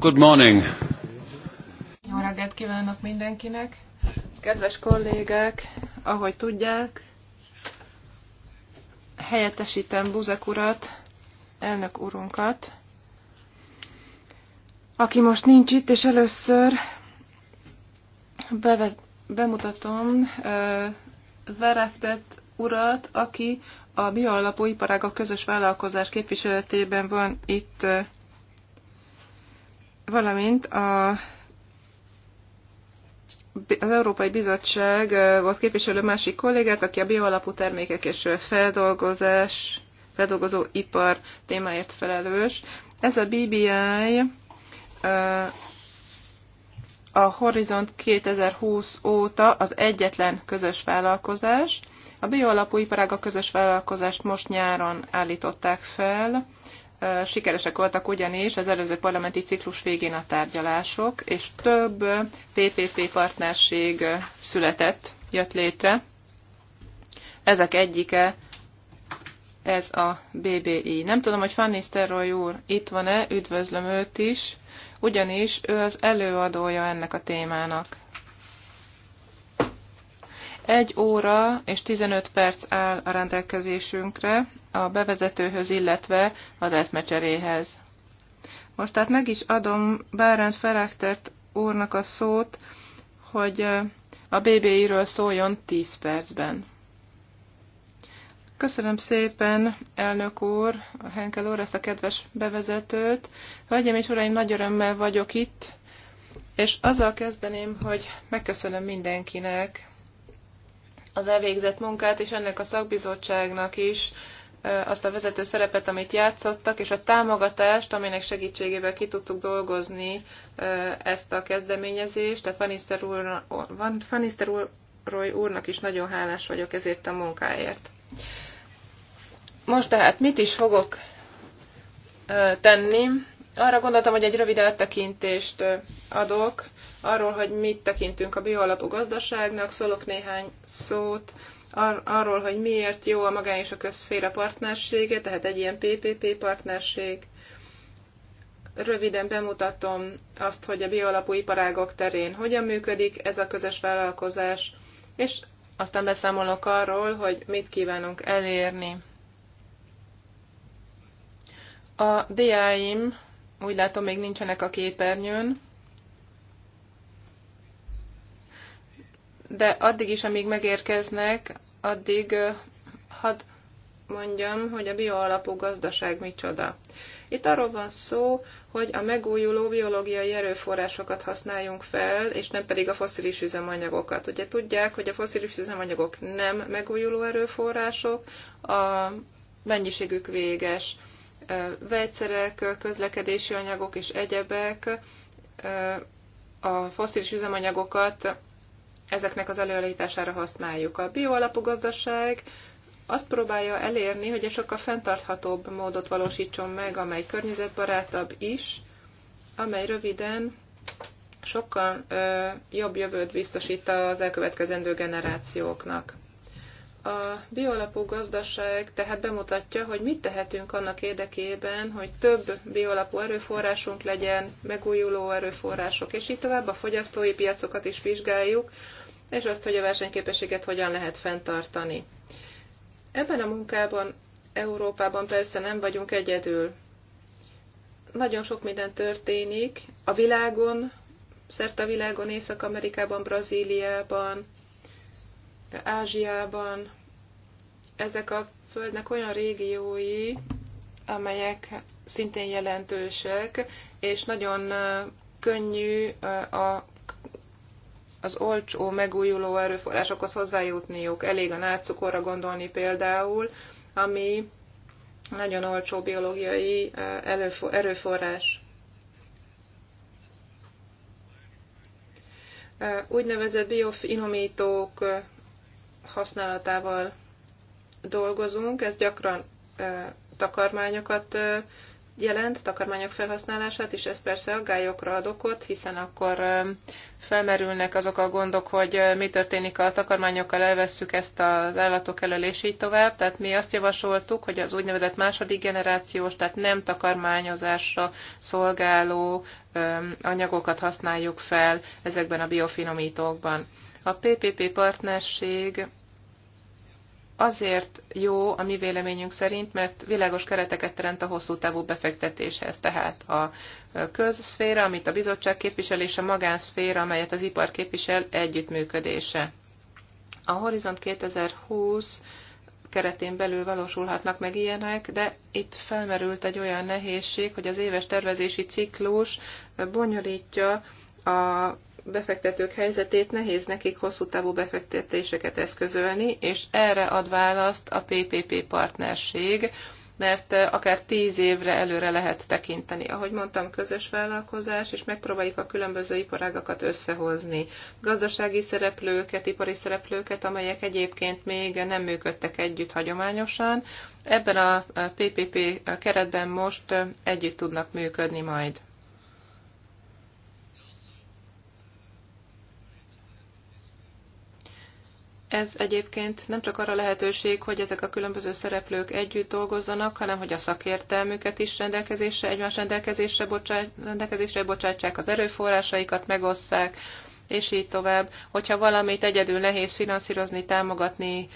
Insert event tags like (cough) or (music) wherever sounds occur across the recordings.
Good morning. Jó reggelt kívánok mindenkinek. Kedves kollégák, ahogy tudják, helyettesítem Buzek urat, elnök urunkat, aki most nincs itt, és először bevet, bemutatom uh, Verektet urat, aki a bioalapú iparágak közös vállalkozás képviseletében van itt valamint a az Európai Bizottság volt képviselő másik kollégát, aki a bioalapú termékek és feldolgozás, feldolgozó ipar témáért felelős. Ez a BBI a Horizont 2020 óta az egyetlen közös vállalkozás. A bioalapú iparág a közös vállalkozást most nyáron állították fel, sikeresek voltak ugyanis az előző parlamenti ciklus végén a tárgyalások, és több PPP partnerség született, jött létre. Ezek egyike ez a BBI. Nem tudom, hogy Fanny Sterroy úr itt van-e, üdvözlöm őt is, ugyanis ő az előadója ennek a témának. Egy óra és 15 perc áll a rendelkezésünkre a bevezetőhöz, illetve az eszmecseréhez. Most tehát meg is adom Bárend Ferechtert úrnak a szót, hogy a BBI-ről szóljon 10 percben. Köszönöm szépen, elnök úr, Henkel úr, ezt a kedves bevezetőt. Hölgyeim és uraim, nagy örömmel vagyok itt, és azzal kezdeném, hogy megköszönöm mindenkinek, az elvégzett munkát, és ennek a szakbizottságnak is azt a vezető szerepet, amit játszottak, és a támogatást, aminek segítségével ki tudtuk dolgozni ezt a kezdeményezést. Tehát van úr, úr, úrnak is nagyon hálás vagyok ezért a munkáért. Most tehát mit is fogok tenni? Arra gondoltam, hogy egy rövid áttekintést adok arról, hogy mit tekintünk a bioalapú gazdaságnak, szólok néhány szót ar- arról, hogy miért jó a magány és a közféra partnersége, tehát egy ilyen PPP partnerség. Röviden bemutatom azt, hogy a bioalapú iparágok terén hogyan működik ez a közös vállalkozás, és aztán beszámolok arról, hogy mit kívánunk elérni. A diáim úgy látom még nincsenek a képernyőn. de addig is, amíg megérkeznek, addig hadd mondjam, hogy a bioalapú gazdaság micsoda. Itt arról van szó, hogy a megújuló biológiai erőforrásokat használjunk fel, és nem pedig a foszilis üzemanyagokat. Ugye tudják, hogy a foszilis üzemanyagok nem megújuló erőforrások, a mennyiségük véges. Vegyszerek, közlekedési anyagok és egyebek a foszilis üzemanyagokat ezeknek az előállítására használjuk. A bioalapú gazdaság azt próbálja elérni, hogy egy sokkal fenntarthatóbb módot valósítson meg, amely környezetbarátabb is, amely röviden sokkal ö, jobb jövőt biztosít az elkövetkezendő generációknak. A biolapú gazdaság tehát bemutatja, hogy mit tehetünk annak érdekében, hogy több biolapú erőforrásunk legyen, megújuló erőforrások, és így tovább a fogyasztói piacokat is vizsgáljuk, és azt, hogy a versenyképességet hogyan lehet fenntartani. Ebben a munkában Európában persze nem vagyunk egyedül. Nagyon sok minden történik a világon, szerte a világon, Észak-Amerikában, Brazíliában, Ázsiában. Ezek a Földnek olyan régiói, amelyek szintén jelentősek, és nagyon könnyű a az olcsó megújuló erőforrásokhoz hozzájutniuk. Elég a nátszukorra gondolni például, ami nagyon olcsó biológiai eh, erőforrás. Eh, úgynevezett biofinomítók eh, használatával dolgozunk, ez gyakran takarmányokat jelent, takarmányok felhasználását, és ez persze aggályokra ad okot, hiszen akkor felmerülnek azok a gondok, hogy mi történik a takarmányokkal, elvesszük ezt az állatok elől, és így tovább. Tehát mi azt javasoltuk, hogy az úgynevezett második generációs, tehát nem takarmányozásra szolgáló anyagokat használjuk fel ezekben a biofinomítókban. A PPP partnerség azért jó a mi véleményünk szerint, mert világos kereteket teremt a hosszú távú befektetéshez. Tehát a közszféra, amit a bizottság képvisel, és a magánszféra, amelyet az ipar képvisel, együttműködése. A Horizont 2020 keretén belül valósulhatnak meg ilyenek, de itt felmerült egy olyan nehézség, hogy az éves tervezési ciklus bonyolítja a befektetők helyzetét nehéz nekik hosszú távú befektetéseket eszközölni, és erre ad választ a PPP partnerség, mert eh, akár tíz évre előre lehet tekinteni. Ahogy mondtam, közös vállalkozás, és megpróbáljuk a különböző iparágakat összehozni. Gazdasági szereplőket, ipari szereplőket, amelyek egyébként még nem működtek együtt hagyományosan, ebben a PPP eh, keretben most eh, együtt tudnak működni majd. Ez egyébként nem csak arra lehetőség, hogy ezek a különböző szereplők együtt dolgozzanak, hanem hogy a szakértelmüket is rendelkezésre, egymás rendelkezésre, bocsát, rendelkezésre bocsátják az erőforrásaikat megosszák, és így tovább. Hogyha valamit egyedül nehéz finanszírozni, támogatni,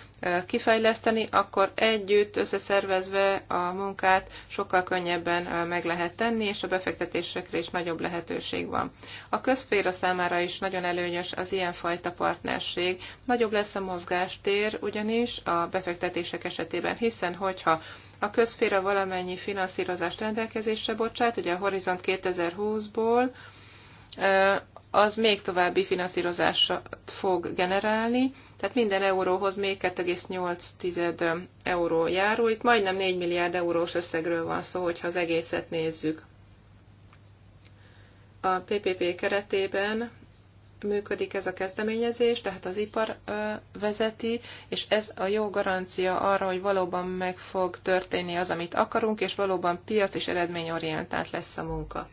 kifejleszteni, akkor együtt összeszervezve a munkát sokkal könnyebben meg lehet tenni, és a befektetésekre is nagyobb lehetőség van. A közféra számára is nagyon előnyös az ilyenfajta partnerség. Nagyobb lesz a mozgástér ugyanis a befektetések esetében, hiszen hogyha a közféra valamennyi finanszírozást rendelkezésre bocsát, ugye a Horizont 2020-ból, az még további finanszírozást fog generálni, tehát minden euróhoz még 2,8 euró járul. Itt majdnem 4 milliárd eurós összegről van szó, hogyha az egészet nézzük. A PPP keretében működik ez a kezdeményezés, tehát az ipar vezeti, és ez a jó garancia arra, hogy valóban meg fog történni az, amit akarunk, és valóban piac és eredményorientált lesz a munka.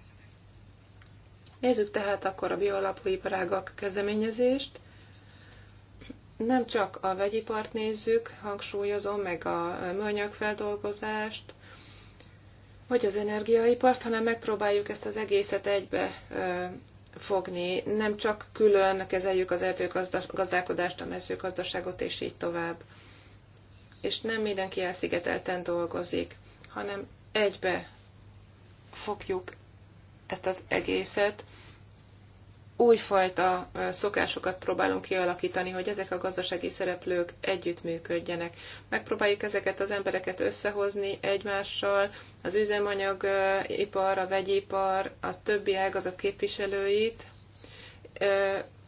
Nézzük tehát akkor a bioalapú iparágak kezdeményezést. Nem csak a vegyipart nézzük, hangsúlyozom, meg a műanyagfeldolgozást, vagy az energiaipart, hanem megpróbáljuk ezt az egészet egybe fogni, nem csak külön kezeljük az erdőgazdálkodást, a mezőgazdaságot, és így tovább. És nem mindenki elszigetelten dolgozik, hanem egybe fogjuk ezt az egészet. Újfajta szokásokat próbálunk kialakítani, hogy ezek a gazdasági szereplők együttműködjenek. Megpróbáljuk ezeket az embereket összehozni egymással, az üzemanyagipar, a vegyipar, a többi ágazat képviselőit,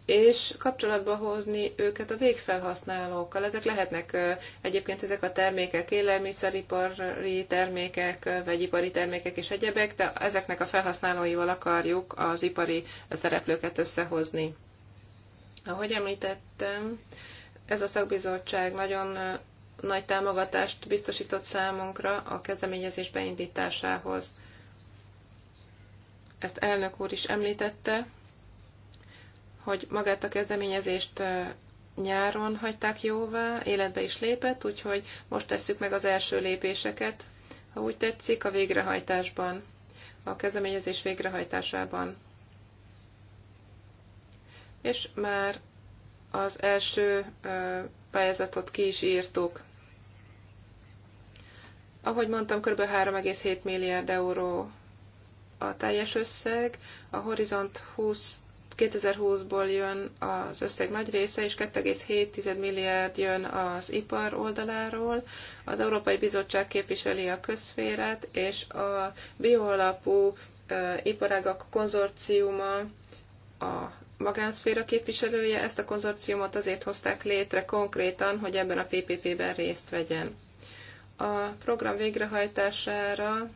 és kapcsolatba hozni őket a végfelhasználókkal. Ezek lehetnek egyébként ezek a termékek, élelmiszeripari termékek, vegyipari termékek és egyebek, de ezeknek a felhasználóival akarjuk az ipari szereplőket összehozni. Ahogy említettem, ez a szakbizottság nagyon nagy támogatást biztosított számunkra a kezdeményezés beindításához. Ezt elnök úr is említette, hogy magát a kezdeményezést nyáron hagyták jóvá, életbe is lépett, úgyhogy most tesszük meg az első lépéseket, ha úgy tetszik, a végrehajtásban, a kezdeményezés végrehajtásában. És már az első pályázatot ki is írtuk. Ahogy mondtam, kb. 3,7 milliárd euró a teljes összeg, a Horizont 20 2020-ból jön az összeg nagy része, és 2,7 milliárd jön az ipar oldaláról. Az Európai Bizottság képviseli a közférát, és a bioalapú iparágak konzorciuma a magánszféra képviselője. Ezt a konzorciumot azért hozták létre konkrétan, hogy ebben a PPP-ben részt vegyen. A program végrehajtására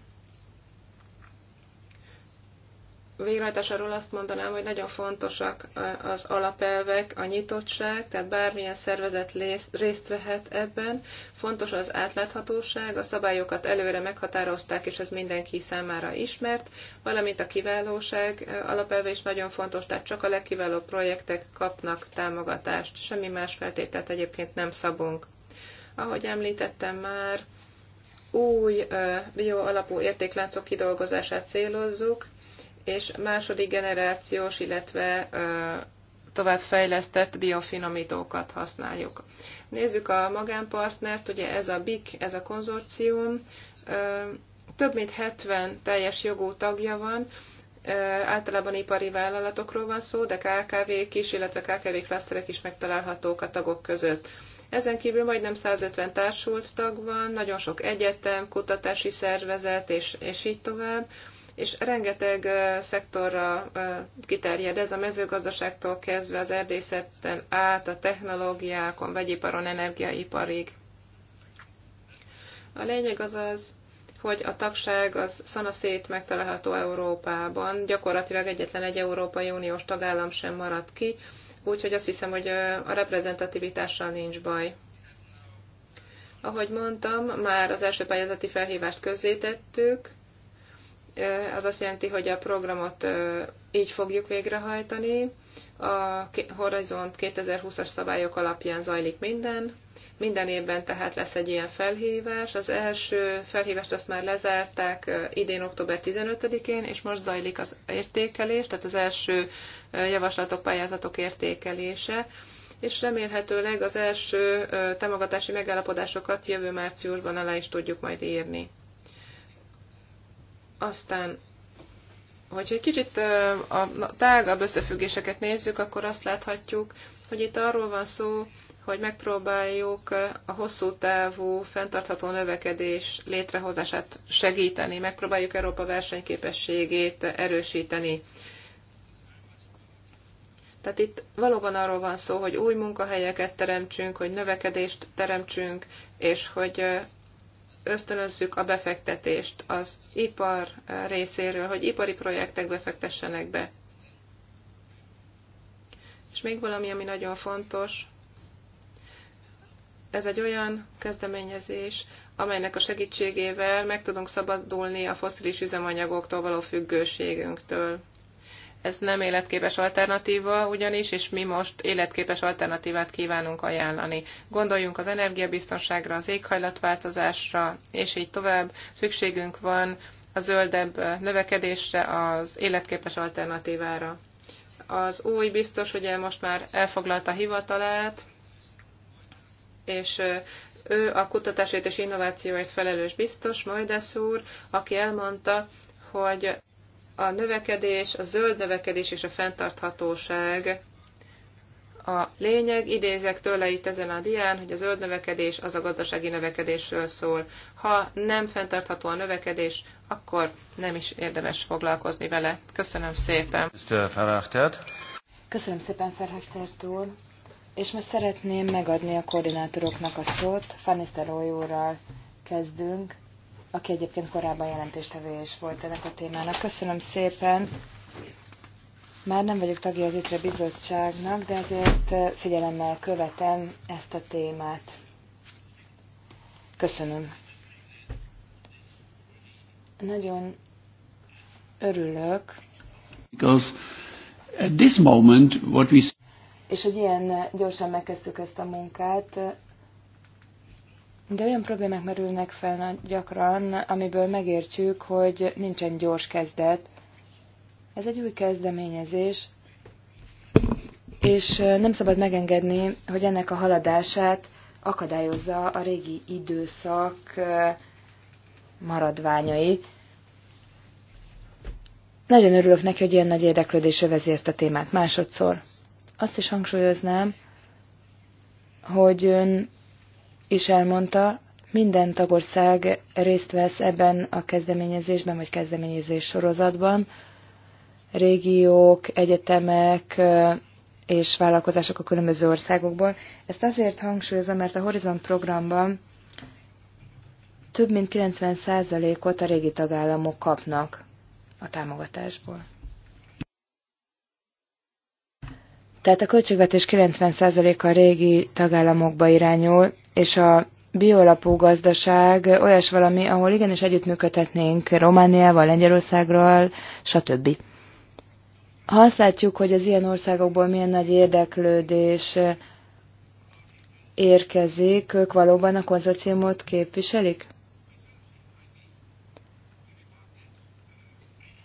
végrehajtásáról azt mondanám, hogy nagyon fontosak az alapelvek, a nyitottság, tehát bármilyen szervezet részt vehet ebben. Fontos az átláthatóság, a szabályokat előre meghatározták, és ez mindenki számára ismert, valamint a kiválóság alapelve is nagyon fontos, tehát csak a legkiválóbb projektek kapnak támogatást, semmi más feltételt egyébként nem szabunk. Ahogy említettem már, új bioalapú értékláncok kidolgozását célozzuk, és második generációs, illetve továbbfejlesztett biofinomítókat használjuk. Nézzük a magánpartnert, ugye ez a BIC, ez a konzorcium, több mint 70 teljes jogú tagja van, általában ipari vállalatokról van szó, de KKV-k is, illetve KKV klaszterek is megtalálhatók a tagok között. Ezen kívül majdnem 150 társult tag van, nagyon sok egyetem, kutatási szervezet, és, és így tovább és rengeteg szektorra kiterjed ez a mezőgazdaságtól kezdve az erdészetten át a technológiákon, vegyiparon, energiaiparig. A lényeg az az, hogy a tagság az szanaszét megtalálható Európában, gyakorlatilag egyetlen egy Európai Uniós tagállam sem maradt ki, úgyhogy azt hiszem, hogy a reprezentativitással nincs baj. Ahogy mondtam, már az első pályázati felhívást közzétettük, az azt jelenti, hogy a programot így fogjuk végrehajtani. A Horizont 2020-as szabályok alapján zajlik minden. Minden évben tehát lesz egy ilyen felhívás. Az első felhívást azt már lezárták idén október 15-én, és most zajlik az értékelés, tehát az első javaslatok, pályázatok értékelése és remélhetőleg az első támogatási megállapodásokat jövő márciusban alá is tudjuk majd írni. Aztán, hogyha egy kicsit a tágabb összefüggéseket nézzük, akkor azt láthatjuk, hogy itt arról van szó, hogy megpróbáljuk a hosszú távú fenntartható növekedés létrehozását segíteni, megpróbáljuk Európa versenyképességét erősíteni. Tehát itt valóban arról van szó, hogy új munkahelyeket teremtsünk, hogy növekedést teremtsünk, és hogy ösztönözzük a befektetést az ipar részéről, hogy ipari projektek befektessenek be. És még valami, ami nagyon fontos, ez egy olyan kezdeményezés, amelynek a segítségével meg tudunk szabadulni a foszilis üzemanyagoktól való függőségünktől ez nem életképes alternatíva ugyanis, és mi most életképes alternatívát kívánunk ajánlani. Gondoljunk az energiabiztonságra, az éghajlatváltozásra, és így tovább. Szükségünk van a zöldebb növekedésre, az életképes alternatívára. Az új biztos ugye most már elfoglalta hivatalát, és ő a kutatásért és innovációért felelős biztos, majd úr, aki elmondta, hogy a növekedés, a zöld növekedés és a fenntarthatóság a lényeg, idézek tőle itt ezen a dián, hogy a zöld növekedés az a gazdasági növekedésről szól. Ha nem fenntartható a növekedés, akkor nem is érdemes foglalkozni vele. Köszönöm szépen. Köszönöm szépen, Ferhachtert úr. És most szeretném megadni a koordinátoroknak a szót. Fanny úrral kezdünk aki egyébként korábban jelentéstevő is volt ennek a témának. Köszönöm szépen! Már nem vagyok tagja az ITRE bizottságnak, de azért eh, figyelemmel követem ezt a témát. Köszönöm. Nagyon örülök. at this moment what we... És hogy ilyen eh, gyorsan megkezdtük ezt a munkát, eh, de olyan problémák merülnek fel gyakran, amiből megértjük, hogy nincsen gyors kezdet. Ez egy új kezdeményezés, és nem szabad megengedni, hogy ennek a haladását akadályozza a régi időszak maradványai. Nagyon örülök neki, hogy ilyen nagy érdeklődés övezi ezt a témát másodszor. Azt is hangsúlyoznám, hogy ön is elmondta, minden tagország részt vesz ebben a kezdeményezésben, vagy kezdeményezés sorozatban. Régiók, egyetemek és vállalkozások a különböző országokból. Ezt azért hangsúlyozom, mert a Horizont programban több mint 90%-ot a régi tagállamok kapnak a támogatásból. Tehát a költségvetés 90%-a a régi tagállamokba irányul, és a biolapú gazdaság olyas valami, ahol igenis együttműködhetnénk Romániával, Lengyelországról, stb. Ha azt látjuk, hogy az ilyen országokból milyen nagy érdeklődés érkezik, ők valóban a konzorciumot képviselik?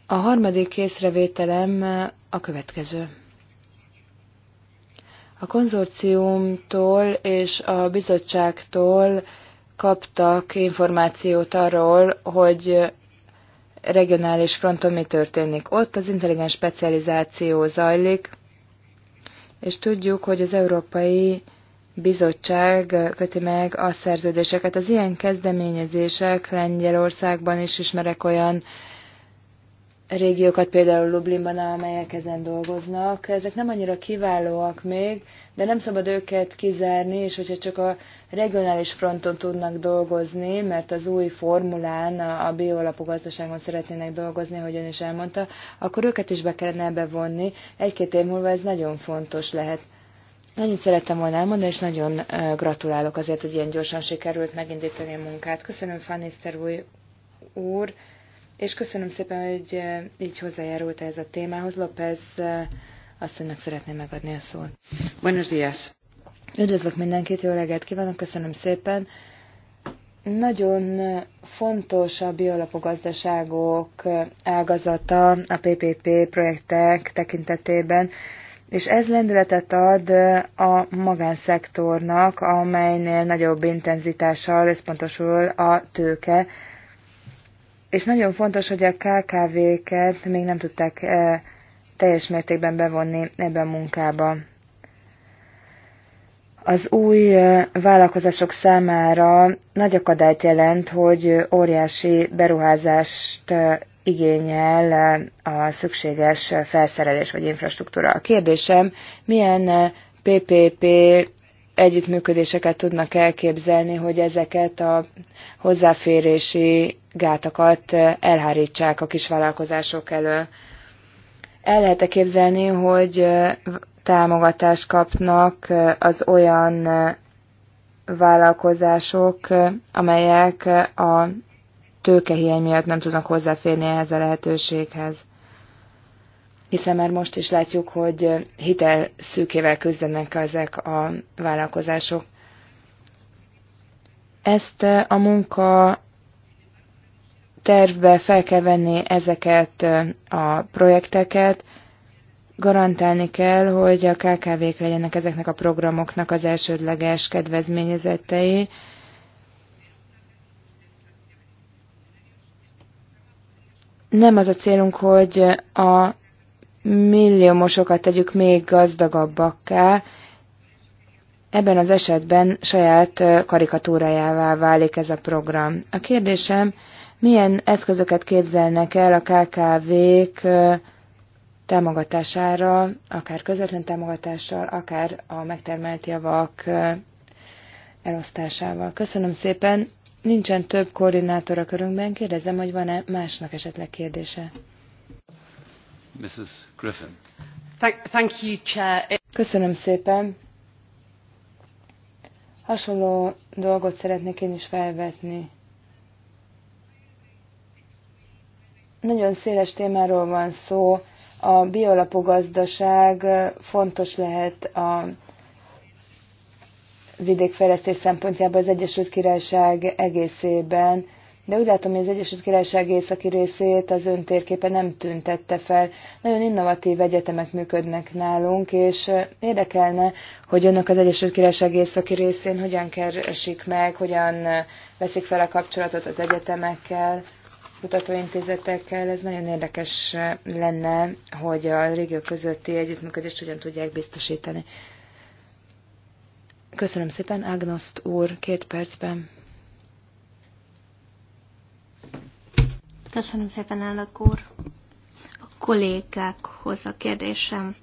A harmadik észrevételem a következő. A konzorciumtól és a bizottságtól kaptak információt arról, hogy regionális fronton mi történik. Ott az intelligens specializáció zajlik, és tudjuk, hogy az Európai Bizottság köti meg a szerződéseket. Az ilyen kezdeményezések Lengyelországban is ismerek olyan régiókat, például Lublinban, amelyek ezen dolgoznak. Ezek nem annyira kiválóak még, de nem szabad őket kizárni, és hogyha csak a regionális fronton tudnak dolgozni, mert az új formulán, a bioalapú gazdaságon szeretnének dolgozni, hogy ön is elmondta, akkor őket is be kellene bevonni. Egy-két év múlva ez nagyon fontos lehet. Nagyon szerettem volna elmondani, és nagyon gratulálok azért, hogy ilyen gyorsan sikerült megindítani a munkát. Köszönöm, Fannister úr és köszönöm szépen, hogy így hozzájárult ez a témához. López asszonynak szeretném megadni a szót. Buenos días. Üdvözlök mindenkit, jó reggelt kívánok, köszönöm szépen. Nagyon fontos a biolapogazdaságok ágazata a PPP projektek tekintetében, és ez lendületet ad a magánszektornak, amelynél nagyobb intenzitással összpontosul a tőke és nagyon fontos, hogy a KKV-ket még nem tudták eh, teljes mértékben bevonni ebbe a munkába. Az új eh, vállalkozások számára nagy akadályt jelent, hogy óriási beruházást eh, igényel a szükséges felszerelés vagy infrastruktúra. A kérdésem, milyen PPP együttműködéseket tudnak elképzelni, hogy ezeket a hozzáférési gátakat elhárítsák a kisvállalkozások elől. El lehet -e képzelni, hogy támogatást kapnak az olyan vállalkozások, amelyek a tőkehiány miatt nem tudnak hozzáférni ehhez a lehetőséghez hiszen már most is látjuk, hogy hitel szűkével küzdenek ezek a vállalkozások. Ezt a munka tervbe fel kell venni ezeket a projekteket, garantálni kell, hogy a KKV-k legyenek ezeknek a programoknak az elsődleges kedvezményezettei, nem az a célunk, hogy a milliómosokat tegyük még gazdagabbakká, ebben az esetben saját karikatúrájává válik ez a program. A kérdésem, milyen eszközöket képzelnek el a KKV-k támogatására, akár közvetlen támogatással, akár a megtermelt javak elosztásával. Köszönöm szépen. Nincsen több koordinátor a körünkben. Kérdezem, hogy van-e másnak esetleg kérdése. Köszönöm szépen. Hasonló dolgot szeretnék én is felvetni. Nagyon széles témáról van szó. A biolapú gazdaság fontos lehet a vidékfejlesztés szempontjából az Egyesült Királyság egészében de úgy látom, hogy az Egyesült Királyság északi részét az ön térképe nem tüntette fel. Nagyon innovatív egyetemek működnek nálunk, és érdekelne, hogy önök az Egyesült Királyság északi részén hogyan keresik meg, hogyan veszik fel a kapcsolatot az egyetemekkel, kutatóintézetekkel. Ez nagyon érdekes lenne, hogy a régió közötti együttműködést hogyan tudják biztosítani. Köszönöm szépen, Agnost úr, két percben. Köszönöm szépen, elnök úr. A kollégákhoz a kérdésem,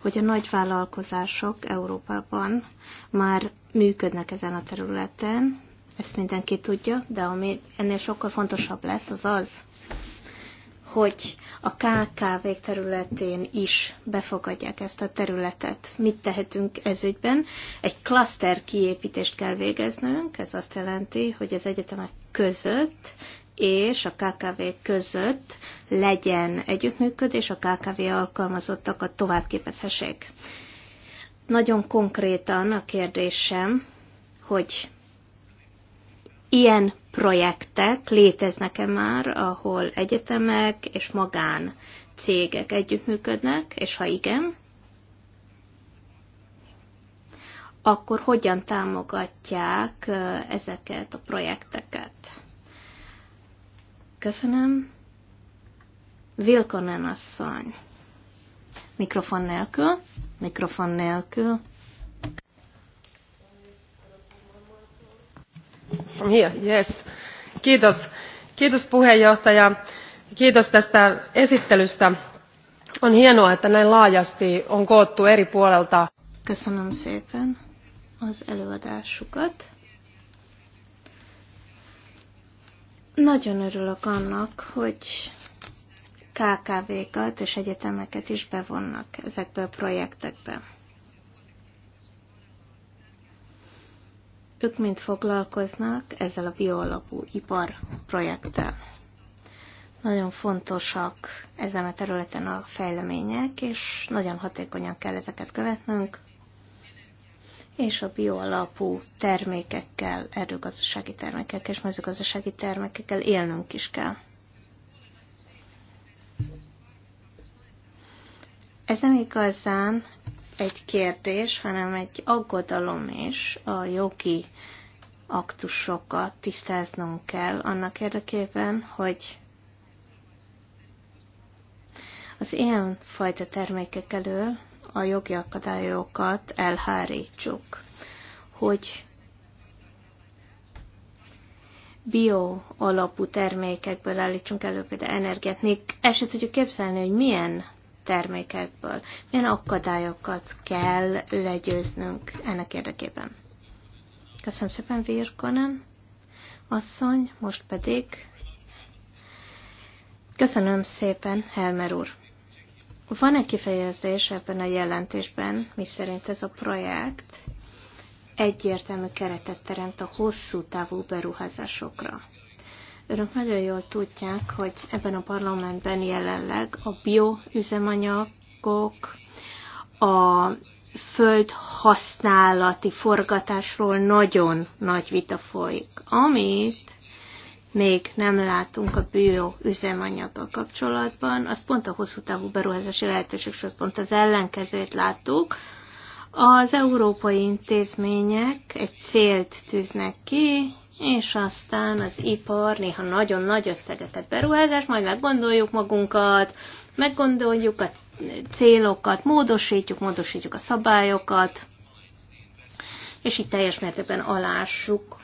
hogy a nagy vállalkozások Európában már működnek ezen a területen, ezt mindenki tudja, de ami ennél sokkal fontosabb lesz, az az, hogy a KKV területén is befogadják ezt a területet. Mit tehetünk ez ügyben? Egy klaszter kiépítést kell végeznünk, ez azt jelenti, hogy az egyetemek között és a KKV között legyen együttműködés, a KKV alkalmazottakat továbbképezhessék. Nagyon konkrétan a kérdésem, hogy ilyen projektek léteznek-e már, ahol egyetemek és magán cégek együttműködnek, és ha igen, akkor hogyan támogatják ezeket a projekteket? Köszönöm. Vilkonen asszony. Mikrofon nélkül. Mikrofon nélkül. From here, yes. Kiitos. Kiitos puheenjohtaja. Kiitos tästä esittelystä. On hienoa, että näin laajasti on koottu eri puolelta. Köszönöm szépen az előadásukat. Nagyon örülök annak, hogy KKV-kat és egyetemeket is bevonnak ezekbe a projektekbe. Ők mind foglalkoznak ezzel a bioalapú ipar projekttel. Nagyon fontosak ezen a területen a fejlemények, és nagyon hatékonyan kell ezeket követnünk és a bioalapú termékekkel, erdőgazdasági termékekkel és mezőgazdasági termékekkel élnünk is kell. Ez nem igazán egy kérdés, hanem egy aggodalom is a jogi aktusokat tisztáznunk kell annak érdekében, hogy az ilyen fajta termékek elől a jogi akadályokat elhárítsuk, hogy bio alapú termékekből állítsunk elő például energiát. Még el sem tudjuk képzelni, hogy milyen termékekből, milyen akadályokat kell legyőznünk ennek érdekében. Köszönöm szépen, Virkonen asszony, most pedig Köszönöm szépen, Helmer úr. Van egy kifejezés ebben a jelentésben, miszerint ez a projekt egyértelmű keretet teremt a hosszú távú beruházásokra. Örök nagyon jól tudják, hogy ebben a parlamentben jelenleg a bioüzemanyagok, a földhasználati forgatásról nagyon nagy vita folyik, amit még nem látunk a bio üzemanyaggal kapcsolatban, az pont a hosszú távú beruházási sőt pont az ellenkezőt láttuk. Az európai intézmények egy célt tűznek ki, és aztán az ipar néha nagyon nagy összegeket beruházás, majd meggondoljuk magunkat, meggondoljuk a célokat, módosítjuk, módosítjuk a szabályokat, és így teljes mértékben alássuk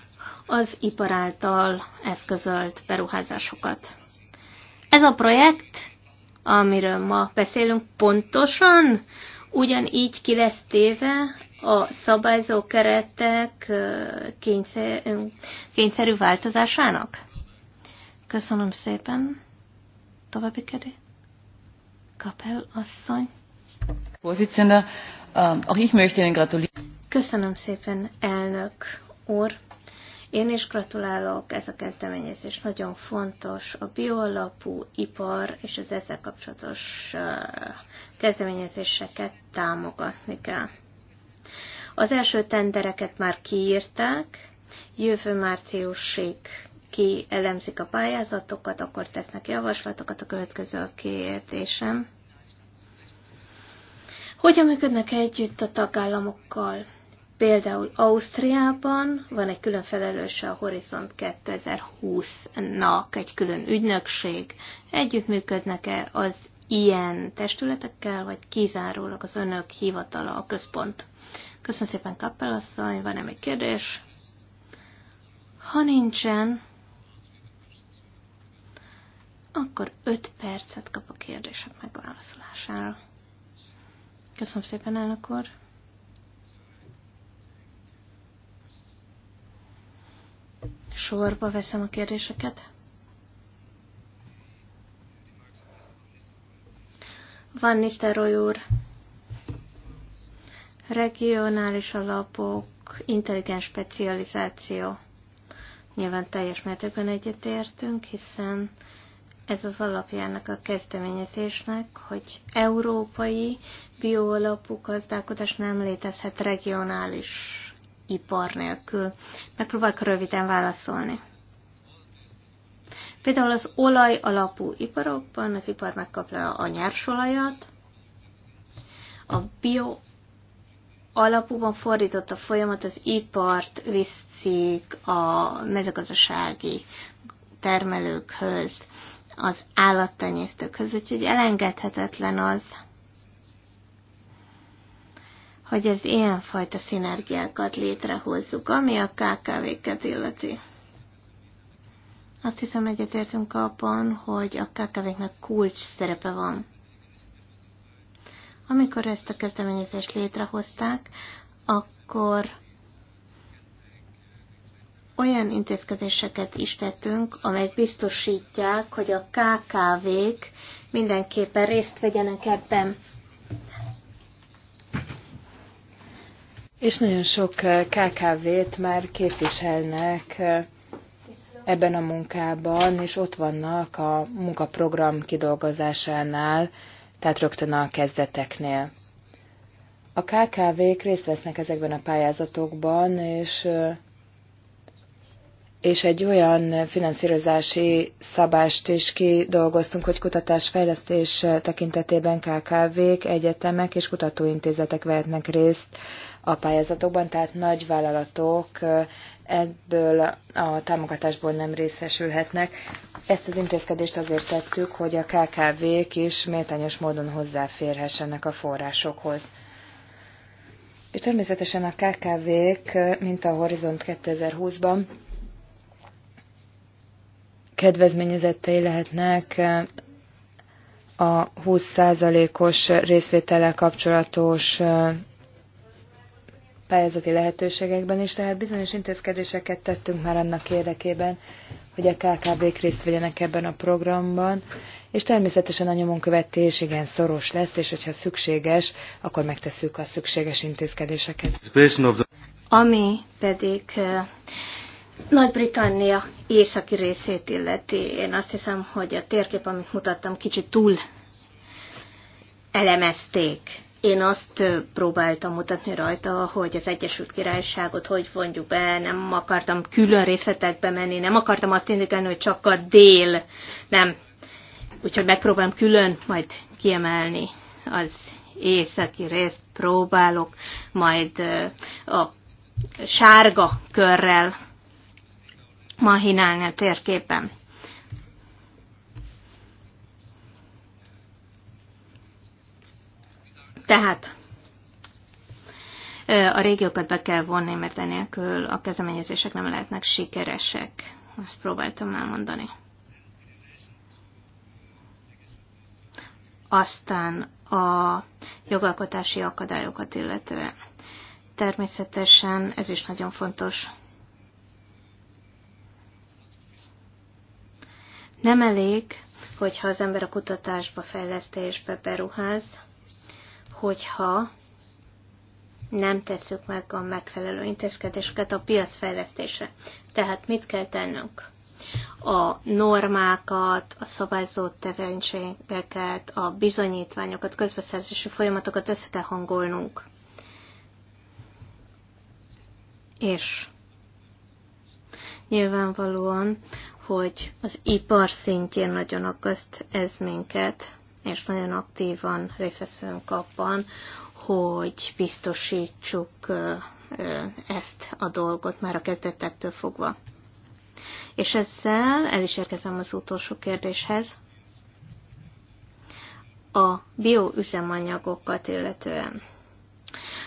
az ipar által eszközölt beruházásokat. Ez a projekt, amiről ma beszélünk, pontosan ugyanígy ki lesz téve a szabályzó keretek kényszer, kényszerű változásának? Köszönöm szépen. További kedé. Kapel asszony. Ähm, Köszönöm szépen, elnök úr. Én is gratulálok, ez a kezdeményezés nagyon fontos. A bioalapú ipar és az ezzel kapcsolatos kezdeményezéseket támogatni kell. Az első tendereket már kiírták, jövő márciusig ki elemzik a pályázatokat, akkor tesznek javaslatokat. A következő a kérdésem. Hogyan működnek együtt a tagállamokkal? Például Ausztriában van egy külön felelőse a Horizont 2020-nak, egy külön ügynökség. Együttműködnek-e az ilyen testületekkel, vagy kizárólag az önök hivatala a központ? Köszönöm szépen, Kappelasszony, van-e még kérdés? Ha nincsen, akkor 5 percet kap a kérdések megválaszolására. Köszönöm szépen, elnök úr! Sorba veszem a kérdéseket. Van Nisztároly úr, regionális alapok, intelligens specializáció. Nyilván teljes mértékben egyetértünk, hiszen ez az alapjának a kezdeményezésnek, hogy európai bioalapú gazdálkodás nem létezhet regionális ipar nélkül. Megpróbálok röviden válaszolni. Például az olaj alapú iparokban az ipar megkapja a nyersolajat, a bio alapúban fordított a folyamat, az ipart viszik a mezőgazdasági termelőkhöz, az állattenyésztőkhöz, úgyhogy elengedhetetlen az, hogy az ilyenfajta szinergiákat létrehozzuk, ami a KKV-ket illeti. Azt hiszem egyetértünk abban, hogy a KKV-knek kulcs szerepe van. Amikor ezt a kezdeményezést létrehozták, akkor olyan intézkedéseket is tettünk, amelyek biztosítják, hogy a KKV-k mindenképpen részt vegyenek ebben. és nagyon sok eh, KKV-t már képviselnek eh, ebben a munkában, és ott vannak a munkaprogram kidolgozásánál, tehát rögtön a kezdeteknél. A KKV-k részt vesznek ezekben a pályázatokban, és, eh, és egy olyan finanszírozási szabást is kidolgoztunk, hogy kutatásfejlesztés tekintetében KKV-k, egyetemek és kutatóintézetek vehetnek részt a pályázatokban, tehát nagy vállalatok ebből a támogatásból nem részesülhetnek. Ezt az intézkedést azért tettük, hogy a KKV-k is méltányos módon hozzáférhessenek a forrásokhoz. És természetesen a KKV-k, mint a Horizont 2020-ban, kedvezményezettei lehetnek a 20%-os részvétele kapcsolatos pályázati lehetőségekben is, tehát bizonyos intézkedéseket tettünk már annak érdekében, hogy a KKB-k részt vegyenek ebben a programban, és természetesen a követés igen szoros lesz, és hogyha szükséges, akkor megteszük a szükséges intézkedéseket. Ami pedig Nagy-Britannia északi részét illeti, én azt hiszem, hogy a térkép, amit mutattam, kicsit túl elemezték én azt próbáltam mutatni rajta, hogy az Egyesült Királyságot hogy vonjuk be, nem akartam külön részletekbe menni, nem akartam azt indítani, hogy csak a dél, nem. Úgyhogy megpróbálom külön majd kiemelni az északi részt, próbálok majd a sárga körrel mahinálni a térképen. Tehát a régiókat be kell vonni, mert enélkül a kezdeményezések nem lehetnek sikeresek. Ezt próbáltam elmondani. Aztán a jogalkotási akadályokat illetően. Természetesen ez is nagyon fontos. Nem elég, hogyha az ember a kutatásba, fejlesztésbe beruház, hogyha nem tesszük meg a megfelelő intézkedéseket a piacfejlesztésre. Tehát mit kell tennünk? A normákat, a szabályzó tevékenységeket, a bizonyítványokat, közbeszerzési folyamatokat össze kell hangolnunk. És nyilvánvalóan, hogy az ipar szintjén nagyon akaszt ez minket, és nagyon aktívan részt veszünk abban, hogy biztosítsuk ezt a dolgot már a kezdetektől fogva. És ezzel el is érkezem az utolsó kérdéshez. A bioüzemanyagokat illetően.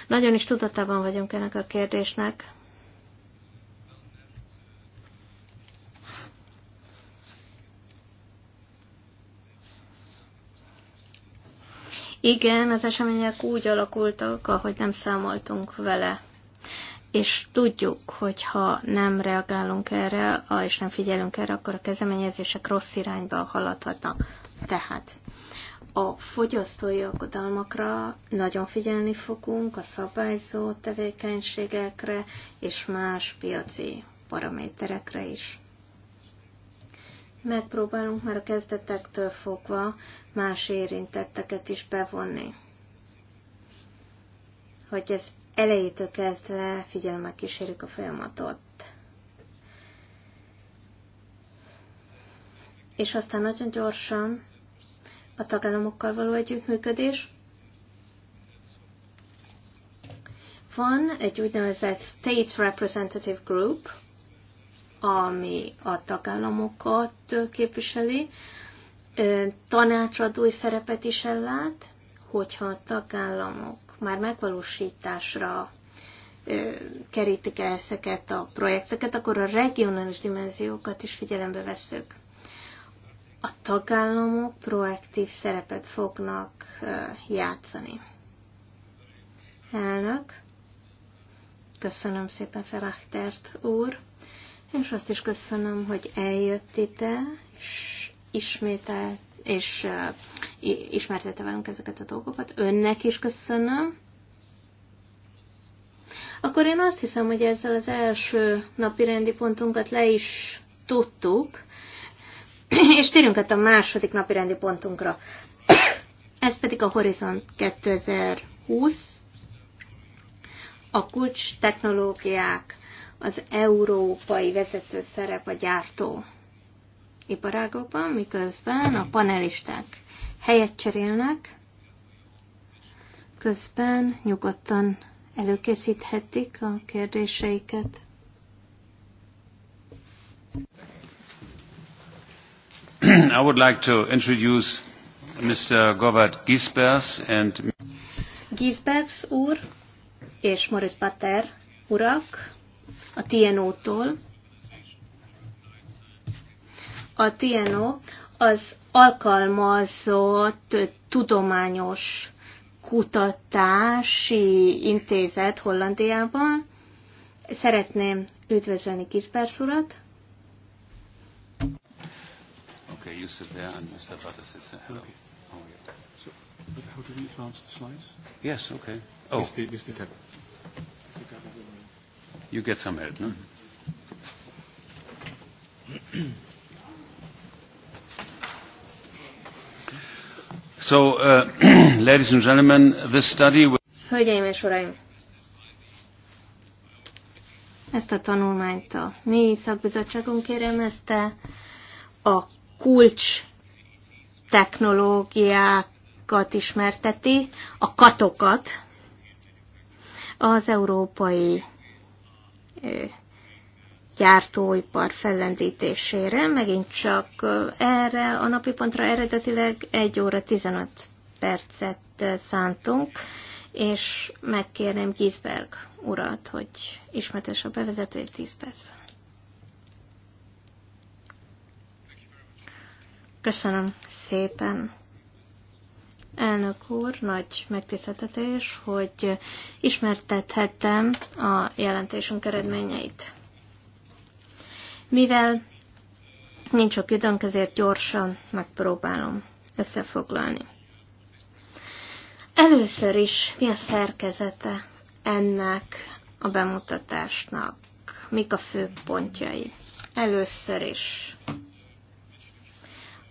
Nagyon is tudatában vagyunk ennek a kérdésnek, Igen, az események úgy alakultak, ahogy nem számoltunk vele. És tudjuk, hogy ha nem reagálunk erre, és nem figyelünk erre, akkor a kezdeményezések rossz irányba haladhatnak. Tehát a fogyasztói aggodalmakra nagyon figyelni fogunk, a szabályzó tevékenységekre és más piaci paraméterekre is megpróbálunk már a kezdetektől fogva más érintetteket is bevonni. Hogy ez elejétől kezdve figyelemmel kísérjük a folyamatot. És aztán nagyon gyorsan a tagállamokkal való együttműködés. Van egy úgynevezett State Representative Group, ami a tagállamokat képviseli, tanácsadói szerepet is ellát, hogyha a tagállamok már megvalósításra kerítik ezeket a projekteket, akkor a regionális dimenziókat is figyelembe veszük. A tagállamok proaktív szerepet fognak játszani. Elnök, köszönöm szépen Ferachtert úr és azt is köszönöm, hogy eljött ide, és ismételt, és uh, ismertette velünk ezeket a dolgokat. Önnek is köszönöm. Akkor én azt hiszem, hogy ezzel az első napi rendi pontunkat le is tudtuk, (clears throat) és térjünk át a második napi rendi pontunkra. (clears throat) Ez pedig a Horizont 2020, a kulcs technológiák az európai vezető szerep a gyártó iparágokban, miközben a panelisták helyet cserélnek, közben nyugodtan előkészíthetik a kérdéseiket. I would like to introduce Mr. Govard Gisbers and Gisbers úr és Morris Pater urak, a TNO-tól. A TNO az alkalmazott tudományos kutatási intézet Hollandiában. Szeretném üdvözölni Kisbersz urat. Okay, you sit there and Mr. Butter sits there. Hello. Okay. Oh, yeah. So, how do we advance the slides? Yes, okay. Oh. Mr. Mr. Tepper. You get some help, no? So, uh, (clears throat) ladies and gentlemen, this study... Hölgyeim és uraim! Ezt a tanulmányt a mi szakbizottságunk kérelmezte, a kulcs technológiákat ismerteti, a katokat, az európai gyártóipar fellendítésére, megint csak erre a napi pontra eredetileg 1 óra 15 percet szántunk, és megkérném Gisberg urat, hogy ismertes a bevezetőjét 10 percben. Köszönöm szépen. Elnök úr, nagy megtiszteltetés, hogy ismertethettem a jelentésünk eredményeit. Mivel nincs sok időnk, ezért gyorsan megpróbálom összefoglalni. Először is mi a szerkezete ennek a bemutatásnak? Mik a fő pontjai? Először is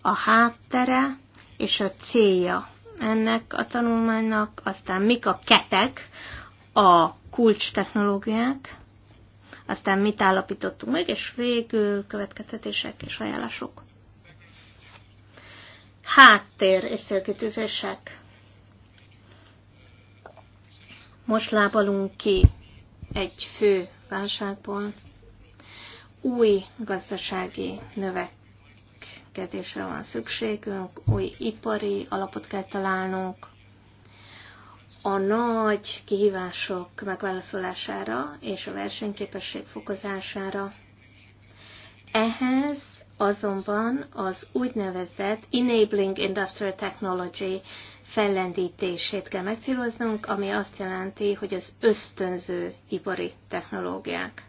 a háttere és a célja ennek a tanulmánynak, aztán mik a ketek, a kulcs technológiák, aztán mit állapítottunk meg, és végül következtetések és ajánlások. Háttér és célkitűzések. Most lábalunk ki egy fő válságból, új gazdasági növek növekedésre van szükségünk, új ipari alapot kell találnunk, a nagy kihívások megválaszolására és a versenyképesség fokozására. Ehhez azonban az úgynevezett Enabling Industrial Technology fellendítését kell megcéloznunk, ami azt jelenti, hogy az ösztönző ipari technológiák.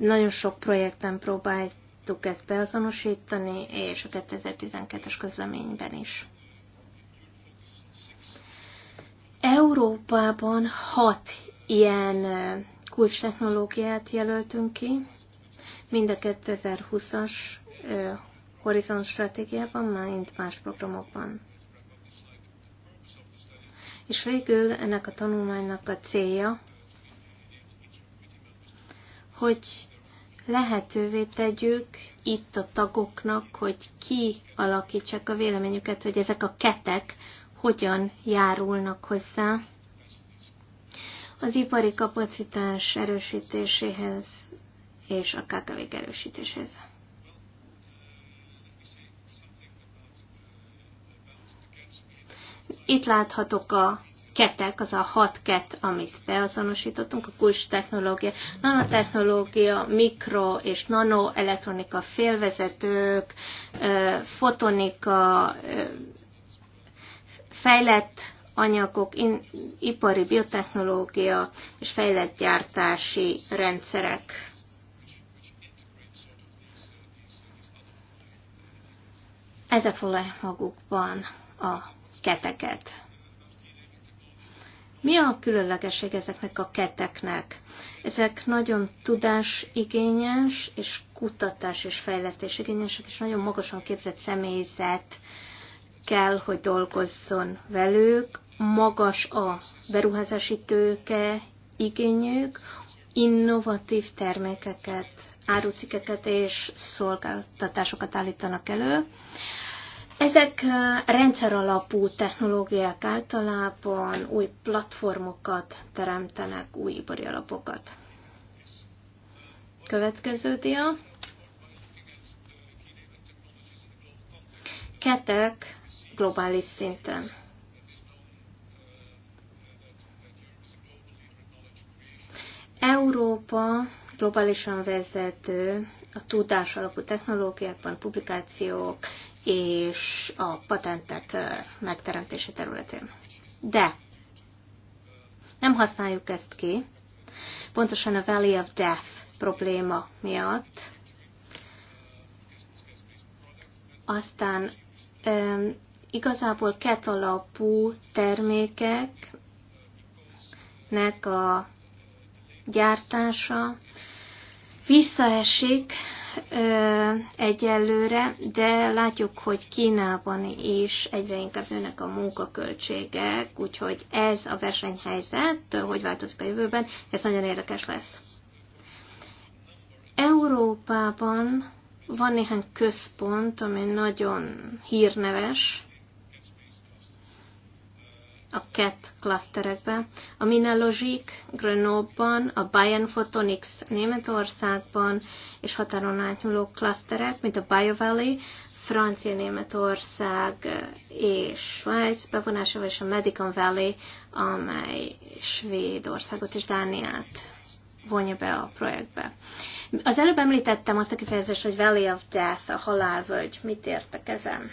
Nagyon sok projektben próbáltuk ezt beazonosítani, és a 2012-es közleményben is. Európában hat ilyen kulcs technológiát jelöltünk ki, mind a 2020-as horizont stratégiában, mind más programokban. És végül ennek a tanulmánynak a célja, hogy lehetővé tegyük itt a tagoknak, hogy kialakítsák a véleményüket, hogy ezek a ketek hogyan járulnak hozzá az ipari kapacitás erősítéséhez és a kkv erősítéséhez. Itt láthatok a kettek, az a hat kett, amit beazonosítottunk, a kulcs technológia, nanotechnológia, mikro és nanoelektronika, félvezetők, fotonika, fejlett anyagok, in, ipari biotechnológia és fejlett gyártási rendszerek. Ezek foglalják magukban a keteket. Mi a különlegesség ezeknek a keteknek? Ezek nagyon tudásigényes és kutatás és fejlesztés igényesek, és nagyon magasan képzett személyzet kell, hogy dolgozzon velük. Magas a beruházási tőke igényük, innovatív termékeket, árucikeket és szolgáltatásokat állítanak elő ezek rendszeralapú technológiák általában új platformokat teremtenek, új ipari alapokat. Következő dia. Ketek globális szinten. Európa globálisan vezető a tudás alapú technológiákban, publikációk, és a patentek megteremtése területén. De nem használjuk ezt ki, pontosan a Valley of Death probléma miatt. Aztán um, igazából ketalapú termékeknek a gyártása visszaesik egyelőre, de látjuk, hogy Kínában is egyre inkább nőnek a munkaköltségek, úgyhogy ez a versenyhelyzet, hogy változik a jövőben, ez nagyon érdekes lesz. Európában van néhány központ, ami nagyon hírneves, a CAT klaszterekbe. A Minelogic Grenoble-ban, a Bayern Photonics Németországban és határon átnyúló klaszterek, mint a BioValley, Francia, Németország eh, és Svájc bevonásával, és a Medicon Valley, amely Svédországot és Dániát vonja be a projektbe. Az előbb említettem azt a kifejezést, hogy Valley of Death, a halálvölgy. Mit értek ezen?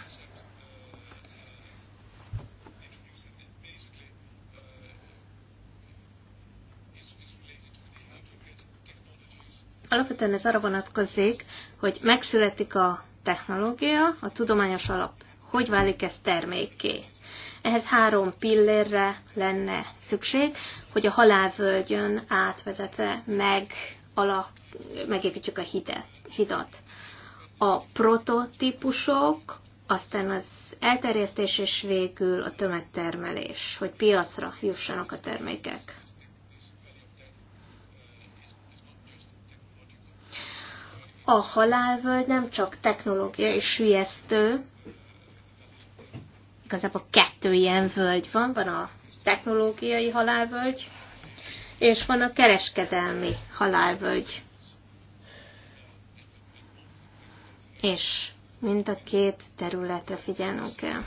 alapvetően ez arra vonatkozik, hogy megszületik a technológia, a tudományos alap, hogy válik ez termékké. Ehhez három pillérre lenne szükség, hogy a halálvölgyön átvezetve meg ala megépítsük a hidet, hidat. A prototípusok, aztán az elterjesztés és végül a tömegtermelés, hogy piacra jussanak a termékek. a halálvölgy nem csak technológia és sülyeztő, igazából kettő ilyen völgy van, van a technológiai halálvölgy, és van a kereskedelmi halálvölgy. És mind a két területre figyelnünk kell.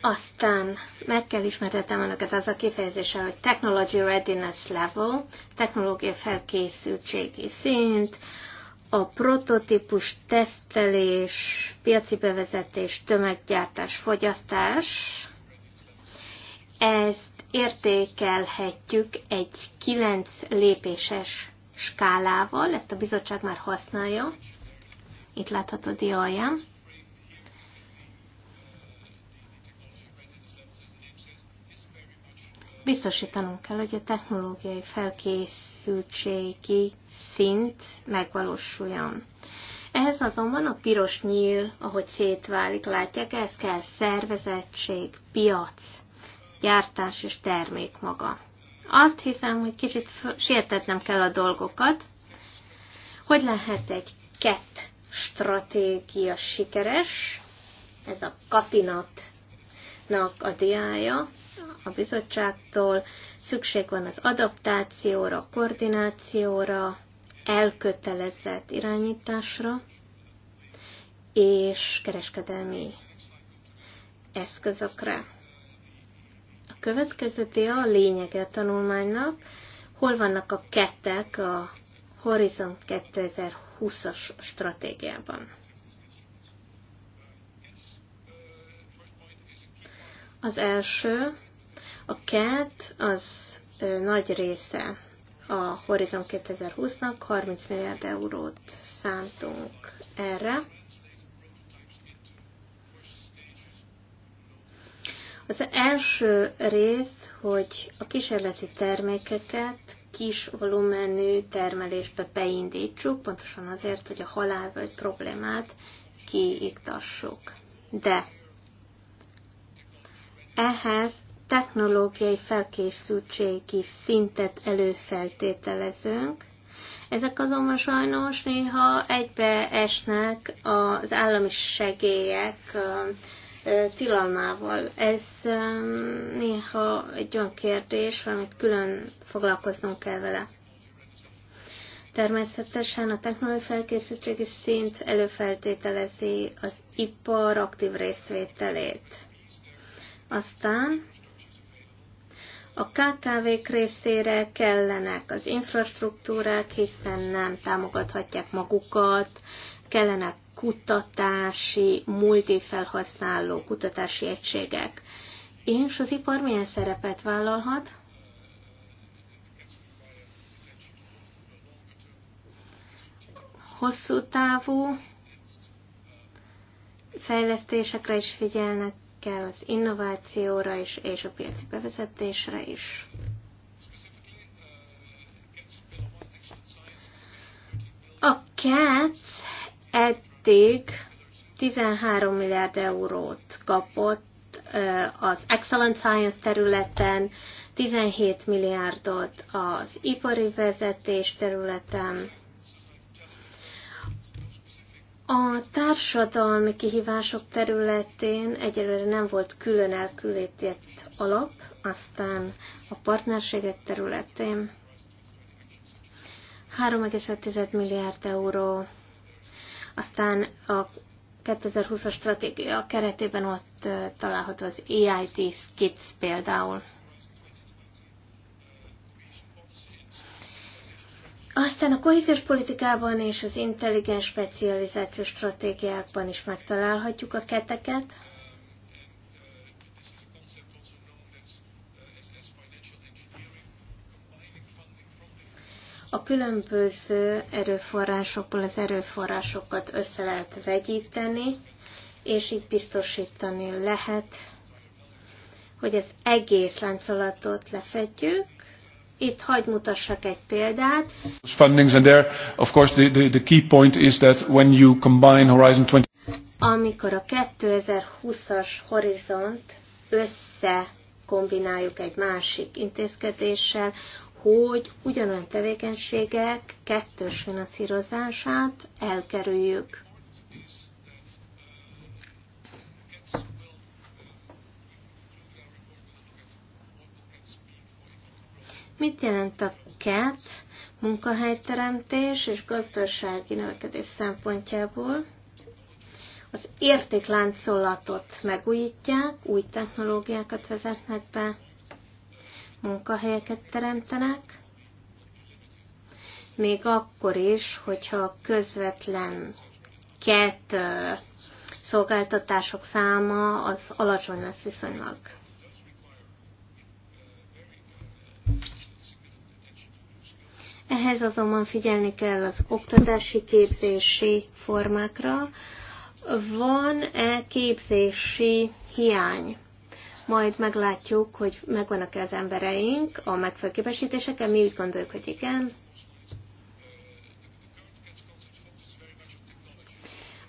Aztán meg kell ismertetem önöket az a kifejezése, hogy Technology Readiness Level, technológia felkészültségi szint, a prototípus, tesztelés, piaci bevezetés, tömeggyártás, fogyasztás, ezt értékelhetjük egy kilenc lépéses skálával, ezt a bizottság már használja, itt látható dialján biztosítanunk kell, hogy a technológiai felkészültségi szint megvalósuljon. Ehhez azonban a piros nyíl, ahogy szétválik, látják, ez kell szervezettség, piac, gyártás és termék maga. Azt hiszem, hogy kicsit sietetnem kell a dolgokat, hogy lehet egy kett stratégia sikeres, ez a katinatnak a diája, a bizottságtól, szükség van az adaptációra, koordinációra, elkötelezett irányításra és kereskedelmi eszközökre. A következő a lényege a tanulmánynak, hol vannak a kettek a Horizon 2020-as stratégiában. Az első a CAT az nagy része a Horizon 2020-nak, 30 milliárd eurót szántunk erre. Az első rész, hogy a kísérleti termékeket kis volumenű termelésbe beindítsuk, pontosan azért, hogy a halál vagy problémát kiiktassuk. De ehhez technológiai felkészültségi szintet előfeltételezünk. Ezek azonban sajnos néha esnek az állami segélyek tilalmával. Ez néha egy olyan kérdés, amit külön foglalkoznunk kell vele. Természetesen a technológiai felkészültségi szint előfeltételezi az ipar aktív részvételét. Aztán a KKV-k részére kellenek az infrastruktúrák, hiszen nem támogathatják magukat, kellenek kutatási, multifelhasználó kutatási egységek. És az ipar milyen szerepet vállalhat? Hosszú távú fejlesztésekre is figyelnek kell az innovációra is, és a piaci bevezetésre is. A CAT eddig 13 milliárd eurót kapott az Excellent Science területen, 17 milliárdot az ipari vezetés területen, a társadalmi kihívások területén egyelőre nem volt külön elkülétett alap, aztán a partnerségek területén 3,7 milliárd euró, aztán a 2020-as stratégia keretében ott található az EIT Kids például. Aztán a kohéziós politikában és az intelligens specializációs stratégiákban is megtalálhatjuk a keteket. A különböző erőforrásokból az erőforrásokat össze lehet vegyíteni, és így biztosítani lehet, hogy az egész láncolatot lefedjük, itt hagy mutassak egy példát. Fundings and there, of course, the, the, the key point is that when you combine Horizon 20... Amikor a 2020-as horizont összekombináljuk egy másik intézkedéssel, hogy ugyanolyan tevékenységek kettős finanszírozását elkerüljük. Mit jelent a CAT munkahelyteremtés és gazdasági növekedés szempontjából? Az értékláncolatot megújítják, új technológiákat vezetnek be, munkahelyeket teremtenek, még akkor is, hogyha közvetlen két szolgáltatások száma az alacsony lesz viszonylag. Ehhez azonban figyelni kell az oktatási képzési formákra. Van-e képzési hiány? Majd meglátjuk, hogy megvannak-e az embereink a megfelelő képesítéseken. Mi úgy gondoljuk, hogy igen,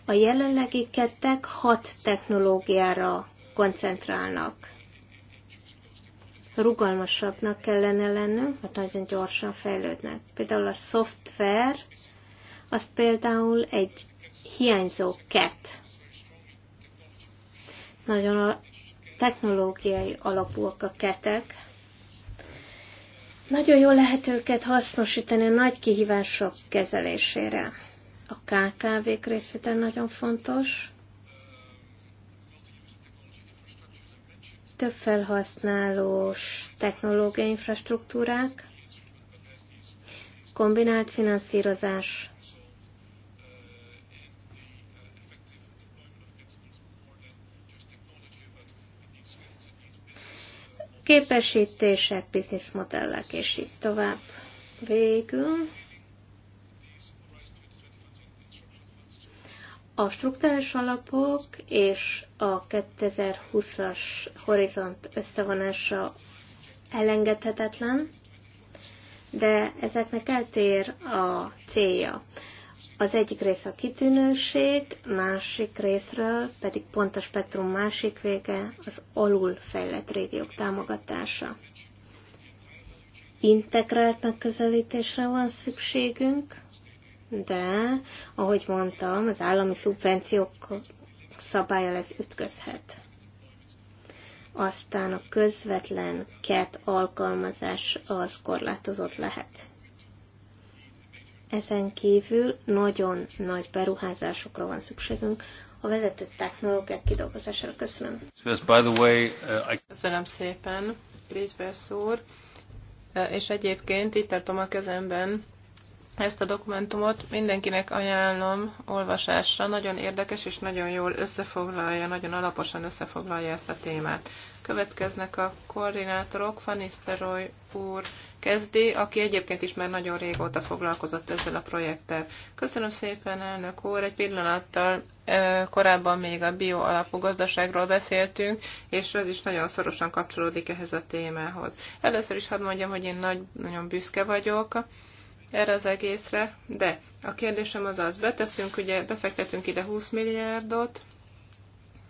A jelenlegi kettek hat technológiára koncentrálnak rugalmasabbnak kellene lennünk, mert nagyon gyorsan fejlődnek. Például a szoftver, az például egy hiányzó ket. Nagyon a technológiai alapúak a ketek. Nagyon jól lehet őket hasznosítani a nagy kihívások kezelésére. A KKV-k részvétel nagyon fontos. több felhasználós technológiai infrastruktúrák, kombinált finanszírozás, képesítések, bizniszmodellek, és így tovább. Végül A struktúrális alapok és a 2020-as horizont összevonása elengedhetetlen, de ezeknek eltér a célja. Az egyik rész a kitűnőség, másik részről pedig pont a spektrum másik vége az alulfejlett régiók támogatása. Integrált megközelítésre van szükségünk, de ahogy mondtam, az állami szubvenciók szabálya lesz ütközhet. Aztán a közvetlen ket alkalmazás az korlátozott lehet. Ezen kívül nagyon nagy beruházásokra van szükségünk a vezető technológiák kidolgozására. Köszönöm. Uh, Köszönöm szépen, Lisbeth úr. Uh, és egyébként itt tartom a kezemben ezt a dokumentumot mindenkinek ajánlom olvasásra, nagyon érdekes és nagyon jól összefoglalja, nagyon alaposan összefoglalja ezt a témát. Következnek a koordinátorok, Fanisteroy úr kezdi, aki egyébként is már nagyon régóta foglalkozott ezzel a projekttel. Köszönöm szépen, elnök úr, egy pillanattal korábban még a bio alapú gazdaságról beszéltünk, és ez is nagyon szorosan kapcsolódik ehhez a témához. Először is hadd mondjam, hogy én nagy, nagyon büszke vagyok, erre az egészre, de a kérdésem az az, beteszünk, ugye befektetünk ide 20 milliárdot,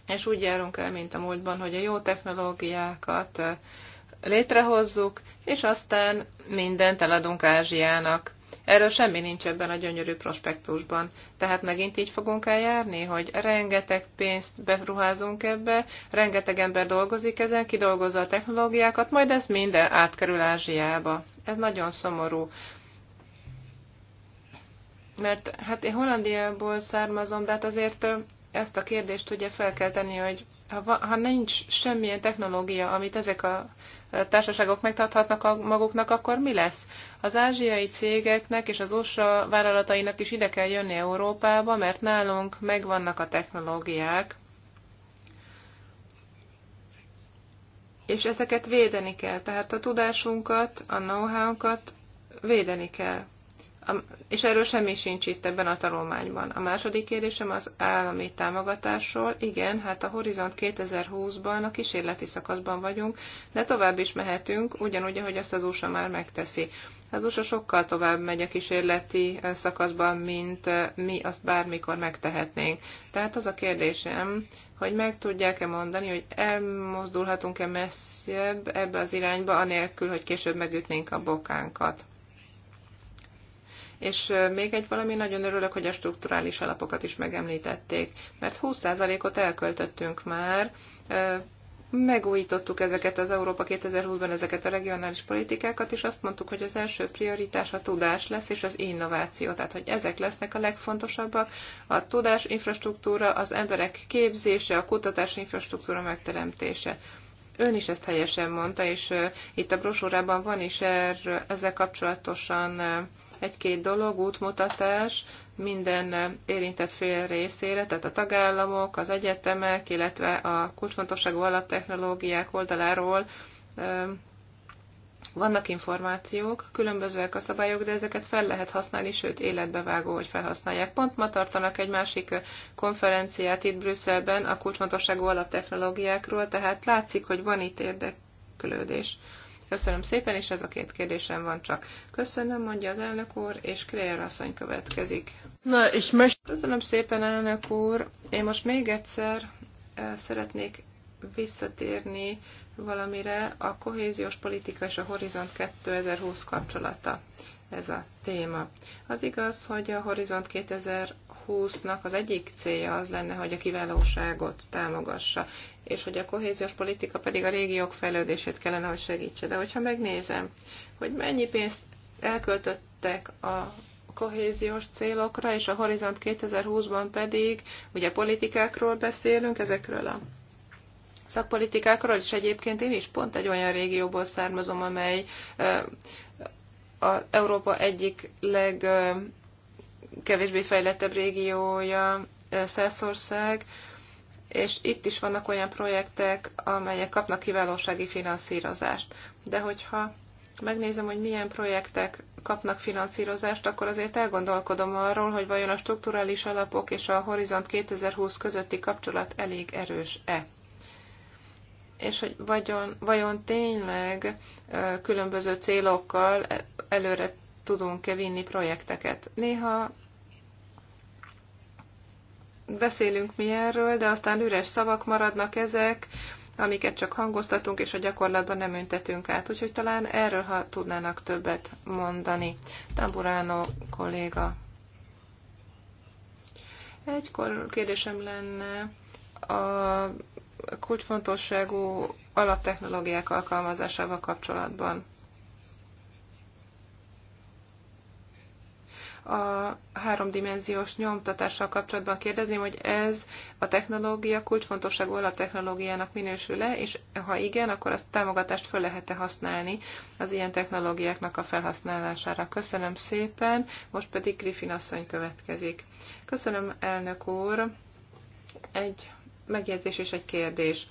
és úgy járunk el, mint a múltban, hogy a jó technológiákat létrehozzuk, és aztán mindent eladunk Ázsiának. Erről semmi nincs ebben a gyönyörű prospektusban. Tehát megint így fogunk eljárni, hogy rengeteg pénzt beruházunk ebbe, rengeteg ember dolgozik ezen, kidolgozza a technológiákat, majd ez minden átkerül Ázsiába. Ez nagyon szomorú. Mert hát én Hollandiából származom, de hát azért ezt a kérdést ugye fel kell tenni, hogy ha, va, ha nincs semmilyen technológia, amit ezek a társaságok megtarthatnak maguknak, akkor mi lesz? Az ázsiai cégeknek és az USA vállalatainak is ide kell jönni Európába, mert nálunk megvannak a technológiák, és ezeket védeni kell. Tehát a tudásunkat, a know-how-unkat védeni kell és erről semmi sincs itt ebben a tanulmányban. A második kérdésem az állami támogatásról. Igen, hát a Horizont 2020-ban a kísérleti szakaszban vagyunk, de tovább is mehetünk, ugyanúgy, ahogy azt az USA már megteszi. Az USA sokkal tovább megy a kísérleti szakaszban, mint mi azt bármikor megtehetnénk. Tehát az a kérdésem, hogy meg tudják-e mondani, hogy elmozdulhatunk-e messzebb ebbe az irányba, anélkül, hogy később megütnénk a bokánkat. És még egy valami, nagyon örülök, hogy a strukturális alapokat is megemlítették, mert 20%-ot elköltöttünk már, megújítottuk ezeket az Európa 2020-ban ezeket a regionális politikákat, és azt mondtuk, hogy az első prioritás a tudás lesz, és az innováció. Tehát, hogy ezek lesznek a legfontosabbak, a tudás infrastruktúra, az emberek képzése, a kutatás infrastruktúra megteremtése. Ön is ezt helyesen mondta, és itt a brosúrában van is er, ezzel kapcsolatosan egy-két dolog, útmutatás minden érintett fél részére, tehát a tagállamok, az egyetemek, illetve a kulcsfontosságú alaptechnológiák oldaláról vannak információk, különbözőek a szabályok, de ezeket fel lehet használni, sőt életbevágó, hogy felhasználják. Pont ma tartanak egy másik konferenciát itt Brüsszelben a kulcsfontosságú alaptechnológiákról, tehát látszik, hogy van itt érdeklődés. Köszönöm szépen, és ez a két kérdésem van csak. Köszönöm, mondja az elnök úr, és Kréer asszony következik. Na, és most... Köszönöm szépen, elnök úr. Én most még egyszer szeretnék visszatérni valamire a kohéziós politika és a Horizont 2020 kapcsolata ez a téma. Az igaz, hogy a Horizont 2020 2020-nak az egyik célja az lenne, hogy a kiválóságot támogassa, és hogy a kohéziós politika pedig a régiók fejlődését kellene, hogy segítse. De hogyha megnézem, hogy mennyi pénzt elköltöttek a kohéziós célokra, és a Horizont 2020-ban pedig ugye politikákról beszélünk, ezekről a szakpolitikákról, és egyébként én is pont egy olyan régióból származom, amely a Európa egyik leg kevésbé fejlettebb régiója Szerszország, és itt is vannak olyan projektek, amelyek kapnak kiválósági finanszírozást. De hogyha megnézem, hogy milyen projektek kapnak finanszírozást, akkor azért elgondolkodom arról, hogy vajon a strukturális alapok és a Horizont 2020 közötti kapcsolat elég erős-e. És hogy vajon, vajon tényleg különböző célokkal előre tudunk-e vinni projekteket. Néha beszélünk mi erről, de aztán üres szavak maradnak ezek, amiket csak hangoztatunk, és a gyakorlatban nem üntetünk át. Úgyhogy talán erről, ha tudnának többet mondani. Tamburánó kolléga. Egy kérdésem lenne a kulcsfontosságú alaptechnológiák alkalmazásával kapcsolatban. a háromdimenziós nyomtatással kapcsolatban kérdezném, hogy ez a technológia kulcsfontosságú alaptechnológiának minősül-e, és ha igen, akkor azt támogatást föl lehet-e használni az ilyen technológiáknak a felhasználására. Köszönöm szépen, most pedig Griffin asszony következik. Köszönöm, elnök úr. Egy megjegyzés és egy kérdés.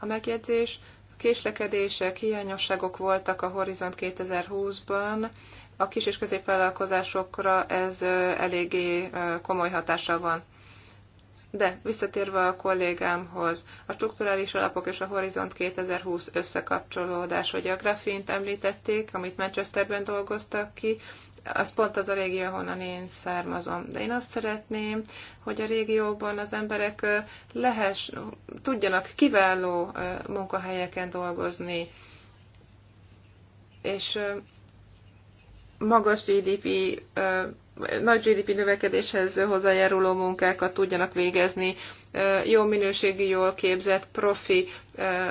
A megjegyzés, késlekedések, hiányosságok voltak a Horizont 2020-ban, a kis és középvállalkozásokra ez eléggé komoly hatása van. De visszatérve a kollégámhoz, a strukturális alapok és a Horizont 2020 összekapcsolódás, hogy a grafint említették, amit Manchesterben dolgoztak ki, az pont az a régió, honnan én származom. De én azt szeretném, hogy a régióban az emberek lehess, tudjanak kiváló munkahelyeken dolgozni. És magas GDP, nagy GDP növekedéshez hozzájáruló munkákat tudjanak végezni, jó minőségű, jól képzett, profi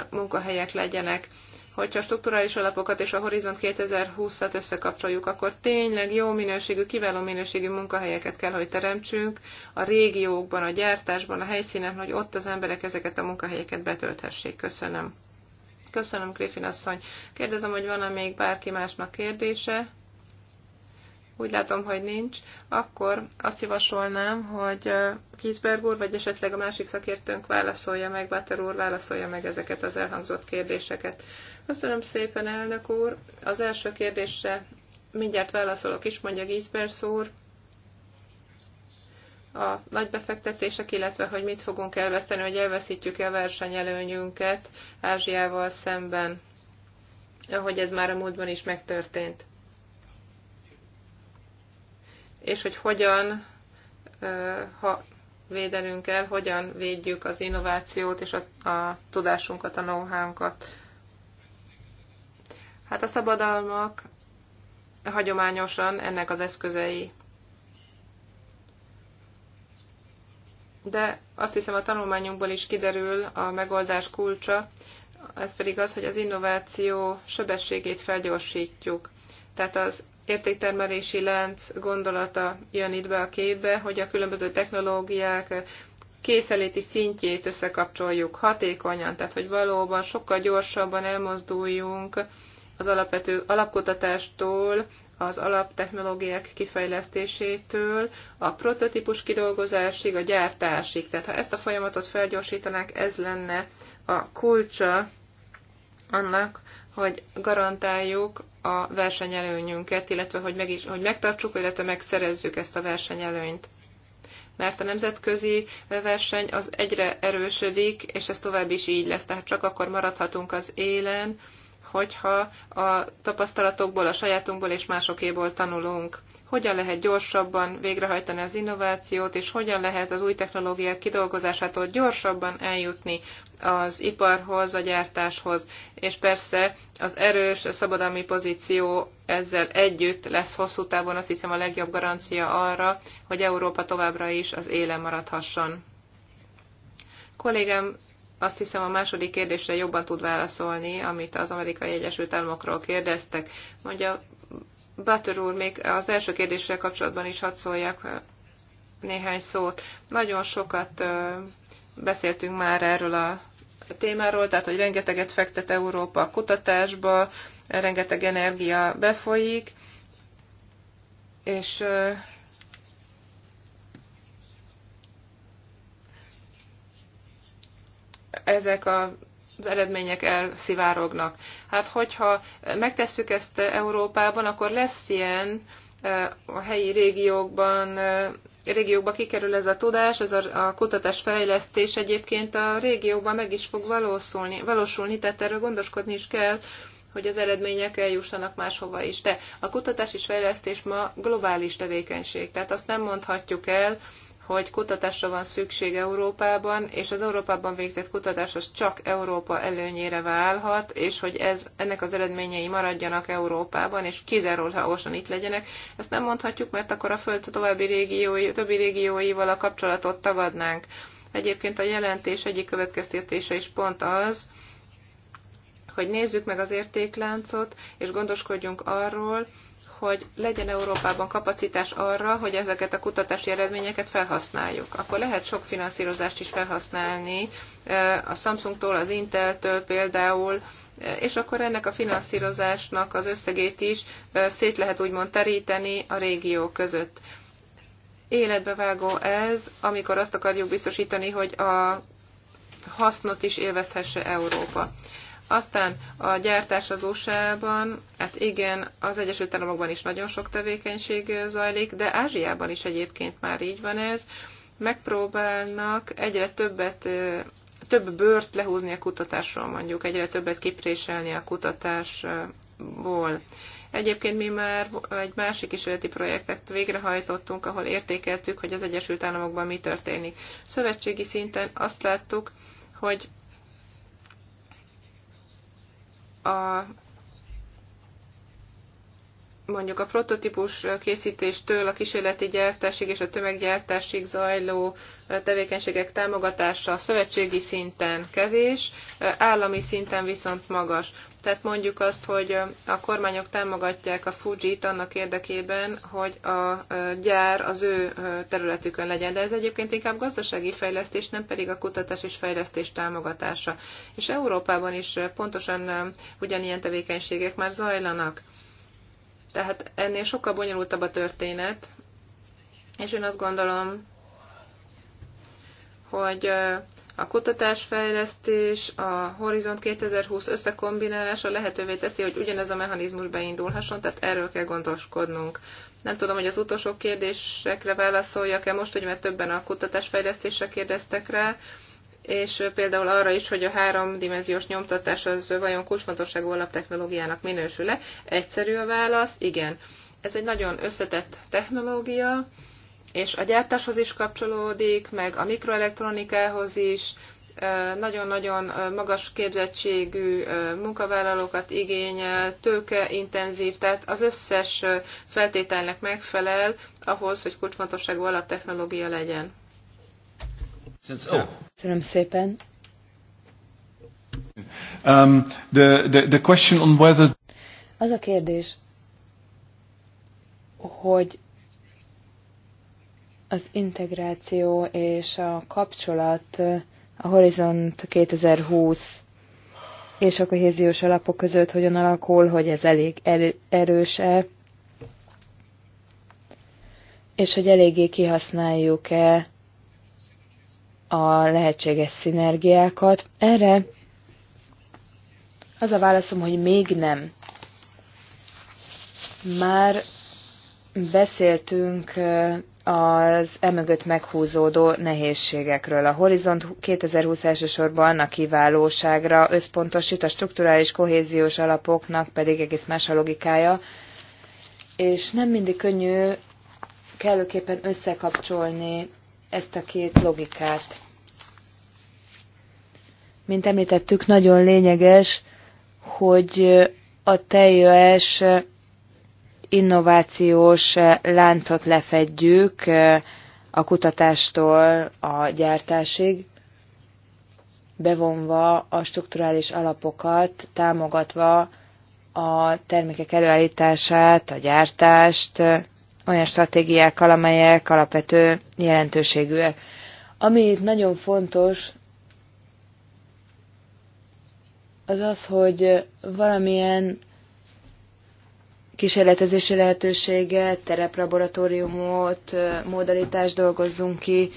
munkahelyek legyenek hogyha a strukturális alapokat és a Horizont 2020-at összekapcsoljuk, akkor tényleg jó minőségű, kiváló minőségű munkahelyeket kell, hogy teremtsünk a régiókban, a gyártásban, a helyszínen, hogy ott az emberek ezeket a munkahelyeket betölthessék. Köszönöm. Köszönöm, Griffin asszony. Kérdezem, hogy van-e még bárki másnak kérdése? úgy látom, hogy nincs, akkor azt javasolnám, hogy Kisberg úr, vagy esetleg a másik szakértőnk válaszolja meg, Báter úr válaszolja meg ezeket az elhangzott kérdéseket. Köszönöm szépen, elnök úr. Az első kérdésre mindjárt válaszolok is, mondja Gisberg úr. A nagy befektetések, illetve hogy mit fogunk elveszteni, hogy elveszítjük-e a versenyelőnyünket Ázsiával szemben, ahogy ez már a múltban is megtörtént és hogy hogyan, ha védenünk el, hogyan védjük az innovációt és a, a tudásunkat, a know-hánkat. Hát a szabadalmak hagyományosan ennek az eszközei. De azt hiszem a tanulmányunkból is kiderül a megoldás kulcsa, ez pedig az, hogy az innováció sebességét felgyorsítjuk. Tehát az értéktermelési lánc gondolata jön itt be a képbe, hogy a különböző technológiák készeléti szintjét összekapcsoljuk hatékonyan, tehát hogy valóban sokkal gyorsabban elmozduljunk az alapvető alapkutatástól, az alaptechnológiák kifejlesztésétől, a prototípus kidolgozásig, a gyártásig. Tehát ha ezt a folyamatot felgyorsítanák, ez lenne a kulcsa annak, hogy garantáljuk a versenyelőnyünket, illetve hogy, meg is, hogy megtartsuk, illetve megszerezzük ezt a versenyelőnyt. Mert a nemzetközi verseny az egyre erősödik, és ez tovább is így lesz. Tehát csak akkor maradhatunk az élen, hogyha a tapasztalatokból, a sajátunkból és másokéból tanulunk hogyan lehet gyorsabban végrehajtani az innovációt, és hogyan lehet az új technológiák kidolgozásától gyorsabban eljutni az iparhoz, a gyártáshoz. És persze az erős szabadalmi pozíció ezzel együtt lesz hosszú távon azt hiszem a legjobb garancia arra, hogy Európa továbbra is az élen maradhasson. Kollégám azt hiszem a második kérdésre jobban tud válaszolni, amit az amerikai Egyesült Államokról kérdeztek. Mondja Butter úr, még az első kérdéssel kapcsolatban is hadd szóljak néhány szót. Nagyon sokat beszéltünk már erről a témáról, tehát hogy rengeteget fektet Európa a kutatásba, rengeteg energia befolyik, és ezek a az eredmények elszivárognak. Hát hogyha megtesszük ezt Európában, akkor lesz ilyen eh, a helyi régiókban, eh, régiókba kikerül ez a tudás, ez a, a kutatás fejlesztés egyébként a régióban meg is fog valósulni, valósulni, tehát erről gondoskodni is kell, hogy az eredmények eljussanak máshova is. De a kutatás és fejlesztés ma globális tevékenység, tehát azt nem mondhatjuk el, hogy kutatásra van szükség Európában, és az Európában végzett kutatás az csak Európa előnyére válhat, és hogy ez, ennek az eredményei maradjanak Európában, és kizárólagosan itt legyenek. Ezt nem mondhatjuk, mert akkor a Föld további régiói, többi régióival a kapcsolatot tagadnánk. Egyébként a jelentés egyik következtetése is pont az, hogy nézzük meg az értékláncot, és gondoskodjunk arról, hogy legyen Európában kapacitás arra, hogy ezeket a kutatási eredményeket felhasználjuk. Akkor lehet sok finanszírozást is felhasználni, a Samsungtól, az Inteltől például, és akkor ennek a finanszírozásnak az összegét is szét lehet úgymond teríteni a régió között. Életbevágó ez, amikor azt akarjuk biztosítani, hogy a hasznot is élvezhesse Európa. Aztán a gyártás az USA-ban, hát igen, az Egyesült Államokban is nagyon sok tevékenység zajlik, de Ázsiában is egyébként már így van ez. Megpróbálnak egyre többet több bört lehúzni a kutatásról mondjuk, egyre többet kipréselni a kutatásból. Egyébként mi már egy másik kísérleti projektet végrehajtottunk, ahol értékeltük, hogy az Egyesült Államokban mi történik. Szövetségi szinten azt láttuk, hogy a mondjuk a prototípus készítéstől a kísérleti gyártásig és a tömeggyártásig zajló tevékenységek támogatása szövetségi szinten kevés, állami szinten viszont magas. Tehát mondjuk azt, hogy a kormányok támogatják a Fuji-t annak érdekében, hogy a gyár az ő területükön legyen, de ez egyébként inkább gazdasági fejlesztés, nem pedig a kutatás és fejlesztés támogatása. És Európában is pontosan ugyanilyen tevékenységek már zajlanak. Tehát ennél sokkal bonyolultabb a történet, és én azt gondolom, hogy a kutatásfejlesztés, a Horizont 2020 összekombinálása lehetővé teszi, hogy ugyanez a mechanizmus beindulhasson, tehát erről kell gondoskodnunk. Nem tudom, hogy az utolsó kérdésekre válaszoljak-e most, hogy mert többen a kutatásfejlesztésre kérdeztek rá, és például arra is, hogy a háromdimenziós nyomtatás az vajon kulcsfontosságú alaptechnológiának minősül-e. Egyszerű a válasz, igen. Ez egy nagyon összetett technológia, és a gyártáshoz is kapcsolódik, meg a mikroelektronikához is, nagyon-nagyon magas képzettségű munkavállalókat igényel, tőkeintenzív, tehát az összes feltételnek megfelel ahhoz, hogy kulcsfontosságú alaptechnológia legyen. Oh. Köszönöm szépen. Um, the, the, the question on whether... Az a kérdés, hogy az integráció és a kapcsolat a Horizont 2020 és a kohéziós alapok között hogyan alakul, hogy ez elég el, erőse, és hogy eléggé kihasználjuk-e a lehetséges szinergiákat. Erre az a válaszom, hogy még nem. Már beszéltünk az emögött meghúzódó nehézségekről. A Horizont 2020 elsősorban a kiválóságra összpontosít, a strukturális kohéziós alapoknak pedig egész más a logikája, és nem mindig könnyű kellőképpen összekapcsolni ezt a két logikát. Mint említettük, nagyon lényeges, hogy a teljes innovációs eh, láncot lefedjük eh, a kutatástól a gyártásig, bevonva a strukturális alapokat, támogatva a termékek előállítását, a gyártást, eh, olyan stratégiákkal, amelyek alapvető jelentőségűek. Ami itt nagyon fontos, az az, hogy valamilyen kísérletezési lehetőséget, tereplaboratóriumot, modalitást dolgozzunk ki,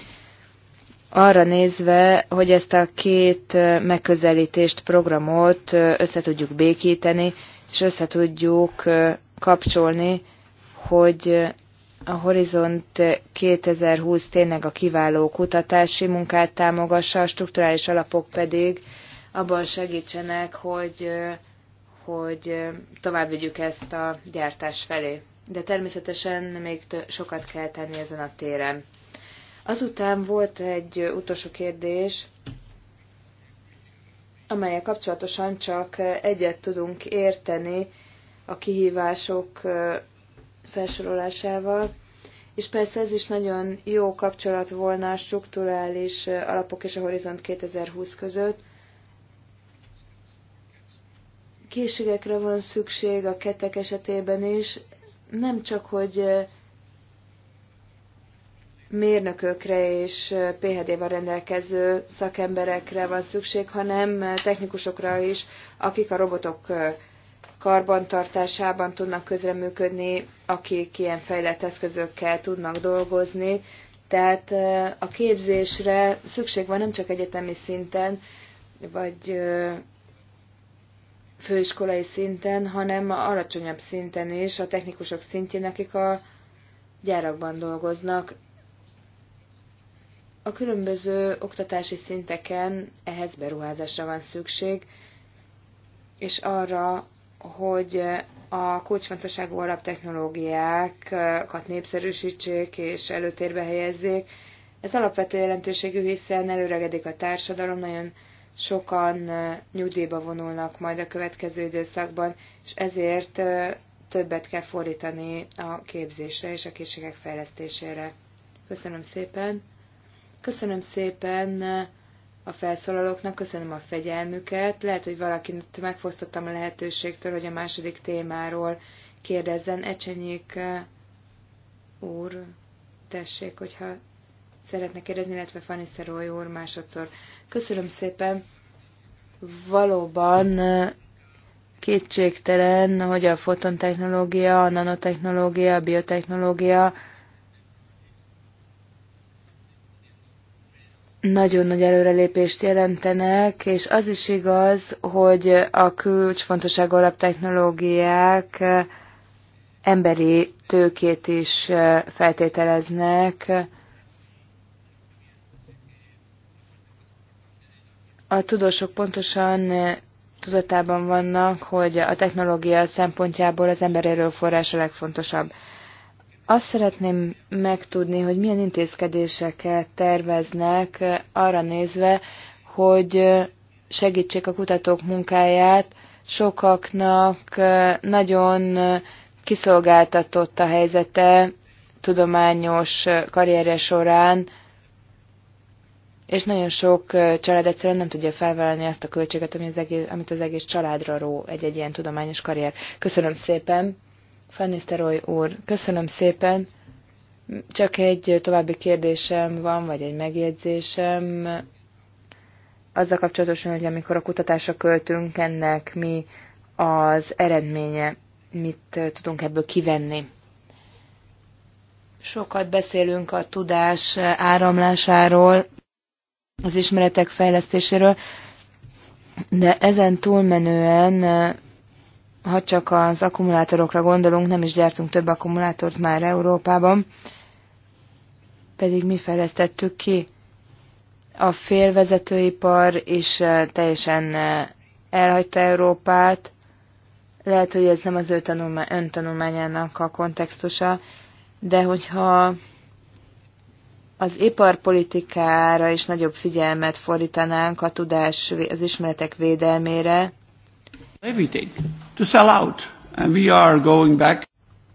arra nézve, hogy ezt a két megközelítést, programot össze tudjuk békíteni, és össze tudjuk kapcsolni, hogy a Horizont 2020 tényleg a kiváló kutatási munkát támogassa, a strukturális alapok pedig abban segítsenek, hogy hogy tovább vigyük ezt a gyártás felé. De természetesen még sokat kell tenni ezen a téren. Azután volt egy utolsó kérdés, amelyek kapcsolatosan csak egyet tudunk érteni a kihívások felsorolásával, és persze ez is nagyon jó kapcsolat volna a strukturális alapok és a Horizont 2020 között, készségekre van szükség a ketek esetében is, nem csak, hogy mérnökökre és phd val rendelkező szakemberekre van szükség, hanem technikusokra is, akik a robotok karbantartásában tudnak közreműködni, akik ilyen fejlett eszközökkel tudnak dolgozni. Tehát a képzésre szükség van nem csak egyetemi szinten, vagy főiskolai szinten, hanem alacsonyabb szinten is, a technikusok szintjén, akik a gyárakban dolgoznak. A különböző oktatási szinteken ehhez beruházásra van szükség, és arra, hogy a kulcsfontosságú alaptechnológiákat népszerűsítsék és előtérbe helyezzék. Ez alapvető jelentőségű, hiszen előregedik a társadalom, nagyon sokan nyugdíjba vonulnak majd a következő időszakban, és ezért többet kell fordítani a képzésre és a készségek fejlesztésére. Köszönöm szépen! Köszönöm szépen a felszólalóknak, köszönöm a fegyelmüket. Lehet, hogy valakit megfosztottam a lehetőségtől, hogy a második témáról kérdezzen. Ecsenyék úr, tessék, hogyha szeretne kérdezni, illetve Fanny Szerói úr másodszor. Köszönöm szépen. Valóban kétségtelen, hogy a fotontechnológia, a nanotechnológia, a biotechnológia nagyon nagy előrelépést jelentenek, és az is igaz, hogy a kulcsfontosságú alaptechnológiák emberi tőkét is feltételeznek, A tudósok pontosan eh, tudatában vannak, hogy a technológia szempontjából az ember erőforrás a legfontosabb. Azt szeretném megtudni, hogy milyen intézkedéseket terveznek eh, arra nézve, hogy eh, segítsék a kutatók munkáját. Sokaknak nagyon kiszolgáltatott a helyzete tudományos karrierje során, és nagyon sok család egyszerűen nem tudja felvállalni azt a költséget, ami az egész, amit az egész családra ró egy-egy ilyen tudományos karrier. Köszönöm szépen, Fanniszteroy úr, köszönöm szépen. Csak egy további kérdésem van, vagy egy megjegyzésem. Azzal kapcsolatosan, hogy amikor a kutatásra költünk, ennek mi az eredménye, mit tudunk ebből kivenni. Sokat beszélünk a tudás áramlásáról, az ismeretek fejlesztéséről, de ezen túlmenően, ha csak az akkumulátorokra gondolunk, nem is gyártunk több akkumulátort már Európában, pedig mi fejlesztettük ki. A félvezetőipar is teljesen elhagyta Európát, lehet, hogy ez nem az ő tanulmány, öntanulmányának a kontextusa, de hogyha az iparpolitikára is nagyobb figyelmet fordítanánk a tudás, az ismeretek védelmére. Everything. To sell out. And we are going back.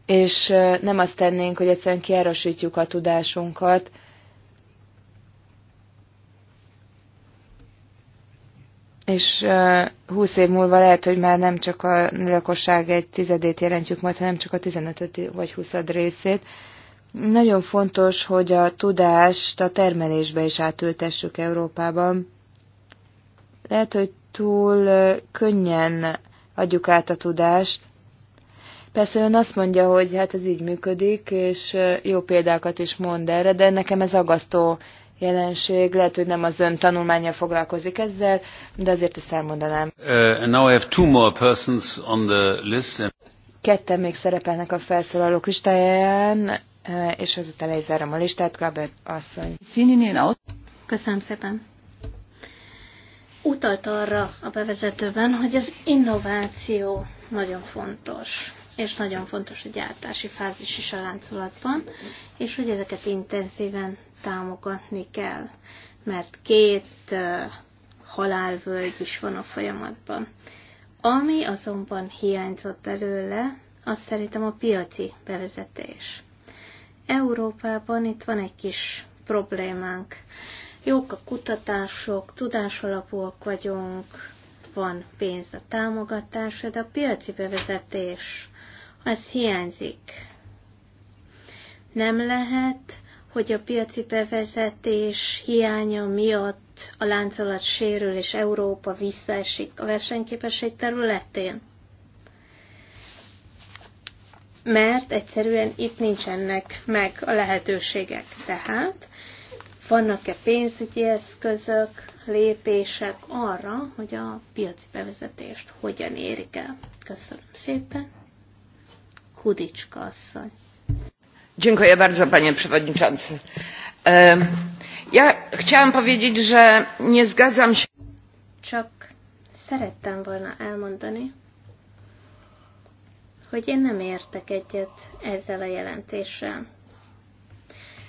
És nem azt tennénk, hogy egyszerűen kiárosítjuk a tudásunkat, és húsz év múlva lehet, hogy már nem csak a lakosság egy tizedét jelentjük majd, hanem csak a tizenötöt vagy huszad részét. Nagyon fontos, hogy a tudást a termelésbe is átültessük Európában. Lehet, hogy túl könnyen adjuk át a tudást. Persze ön azt mondja, hogy hát ez így működik, és jó példákat is mond erre, de nekem ez agasztó jelenség, lehet, hogy nem az ön tanulmánya foglalkozik ezzel, de azért ezt elmondanám. Uh, now I have two more persons on the list. Ketten még szerepelnek a felszólalók listáján, Eh, és azután lezárom a listát, Kraber asszony. Köszönöm szépen. Utalt arra a bevezetőben, hogy az innováció nagyon fontos, és nagyon fontos a gyártási fázis is a láncolatban, és hogy ezeket intenzíven támogatni kell, mert két eh, halálvölgy is van a folyamatban. Ami azonban hiányzott belőle, az szerintem a piaci bevezetés Európában itt van egy kis problémánk. Jók a kutatások, tudásalapúak vagyunk, van pénz a támogatásra, de a piaci bevezetés az hiányzik. Nem lehet, hogy a piaci bevezetés hiánya miatt a láncolat sérül, és Európa visszaesik a versenyképesség területén mert egyszerűen itt nincsenek meg a lehetőségek. Tehát vannak-e pénzügyi eszközök, lépések arra, hogy a piaci bevezetést hogyan érik el? Köszönöm szépen. Kudicska asszony. Dziękuję bardzo, panie przewodniczący. Ja chciałam powiedzieć, że nie zgadzam się. Csak szerettem volna elmondani, hogy én nem értek egyet ezzel a jelentéssel.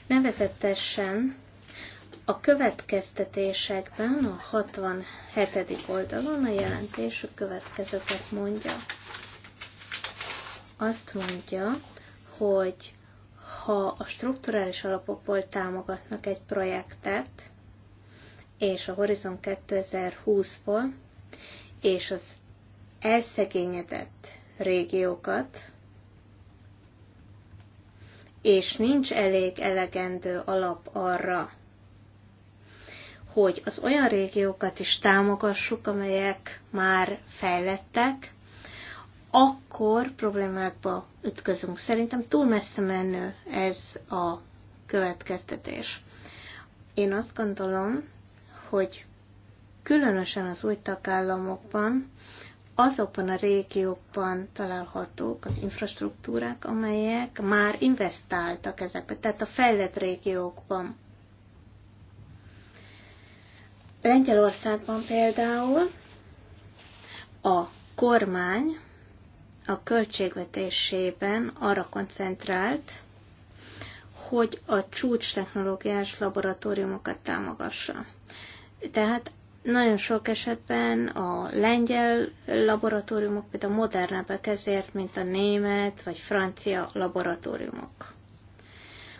Nevezetesen a következtetésekben, a 67. oldalon a jelentés a következőket mondja. Azt mondja, hogy ha a strukturális alapokból támogatnak egy projektet, és a Horizon 2020-ból, és az elszegényedett régiókat, és nincs elég elegendő alap arra, hogy az olyan régiókat is támogassuk, amelyek már fejlettek, akkor problémákba ütközünk. Szerintem túl messze menő ez a következtetés. Én azt gondolom, hogy különösen az új tagállamokban azokban a régiókban találhatók az infrastruktúrák, amelyek már investáltak ezekbe, tehát a fejlett régiókban. Lengyelországban például a kormány a költségvetésében arra koncentrált, hogy a csúcs technológiás laboratóriumokat támogassa. Tehát nagyon sok esetben a lengyel laboratóriumok például modernebbek ezért, mint a német vagy francia laboratóriumok.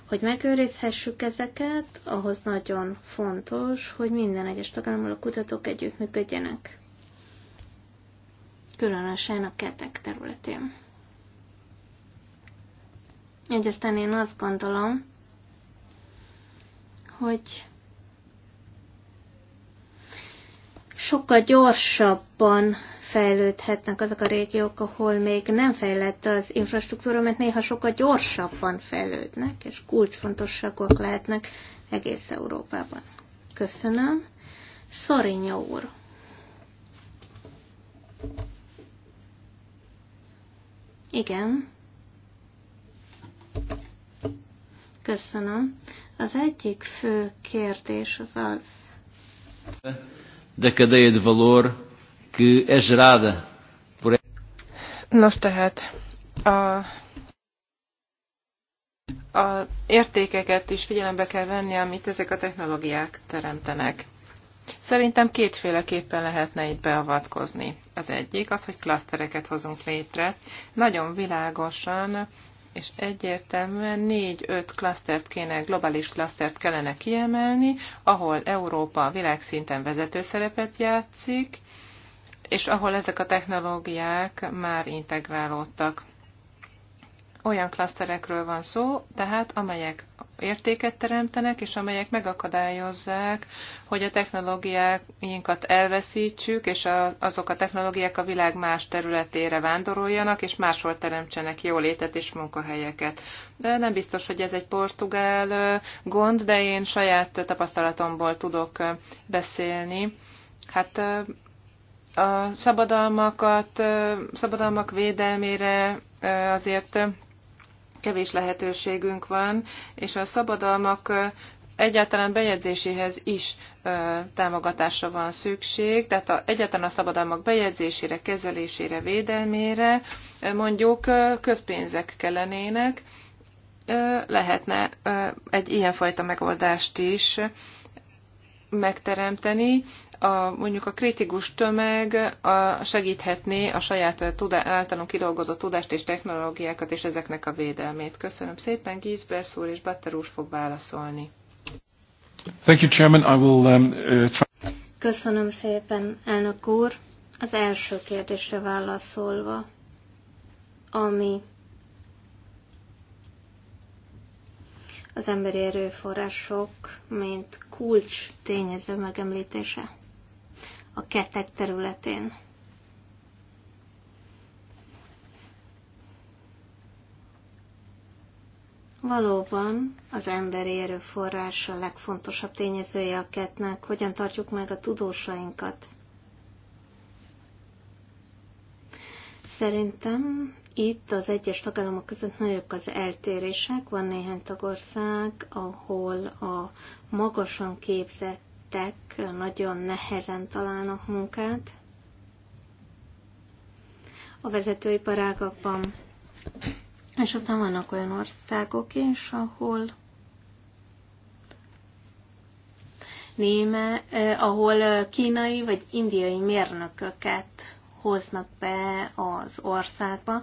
Hogy megőrizhessük ezeket, ahhoz nagyon fontos, hogy minden egyes tagállammal a kutatók együttműködjenek. Különösen a ketek területén. Így én azt gondolom, hogy sokkal gyorsabban fejlődhetnek azok a régiók, ahol még nem fejlett az infrastruktúra, mert néha sokkal gyorsabban fejlődnek, és kulcsfontosságok lehetnek egész Európában. Köszönöm. Szorinya úr. Igen. Köszönöm. Az egyik fő kérdés az az, da cadeia de valor que é gerada por. Nos tehát a, a értékeket is figyelembe kell venni, amit ezek a technológiák teremtenek. Szerintem kétféleképpen lehetne itt beavatkozni. Az egyik az, hogy klasztereket hozunk létre. Nagyon világosan és egyértelműen négy-öt klasztert kéne, globális klasztert kellene kiemelni, ahol Európa világszinten vezető szerepet játszik, és ahol ezek a technológiák már integrálódtak olyan klaszterekről van szó, tehát amelyek értéket teremtenek, és amelyek megakadályozzák, hogy a technológiáinkat elveszítsük, és a, azok a technológiák a világ más területére vándoroljanak, és máshol teremtsenek jólétet és munkahelyeket. De nem biztos, hogy ez egy portugál gond, de én saját tapasztalatomból tudok beszélni. Hát a szabadalmakat, szabadalmak védelmére azért kevés lehetőségünk van, és a szabadalmak egyáltalán bejegyzéséhez is ö, támogatásra van szükség, tehát a, egyáltalán a szabadalmak bejegyzésére, kezelésére, védelmére mondjuk közpénzek kellenének, ö, lehetne ö, egy ilyenfajta megoldást is megteremteni, a, mondjuk a kritikus tömeg a, segíthetné a saját tudá, általunk kidolgozott tudást és technológiákat és ezeknek a védelmét. Köszönöm szépen, Gízbersz úr és Batter úr fog válaszolni. Thank you, Chairman. I will, um, uh, try... Köszönöm szépen, elnök úr. Az első kérdésre válaszolva, ami az emberi erőforrások, mint kulcs tényező megemlítése a ketek területén. Valóban az emberi erőforrás a legfontosabb tényezője a ketnek, hogyan tartjuk meg a tudósainkat. Szerintem itt az egyes tagállamok között nagyobb az eltérések. Van néhány tagország, ahol a magasan képzett lettek, nagyon nehezen találnak munkát a parágakban. És aztán vannak olyan országok is, ahol néme, eh, ahol eh, kínai vagy indiai mérnököket hoznak be az országba,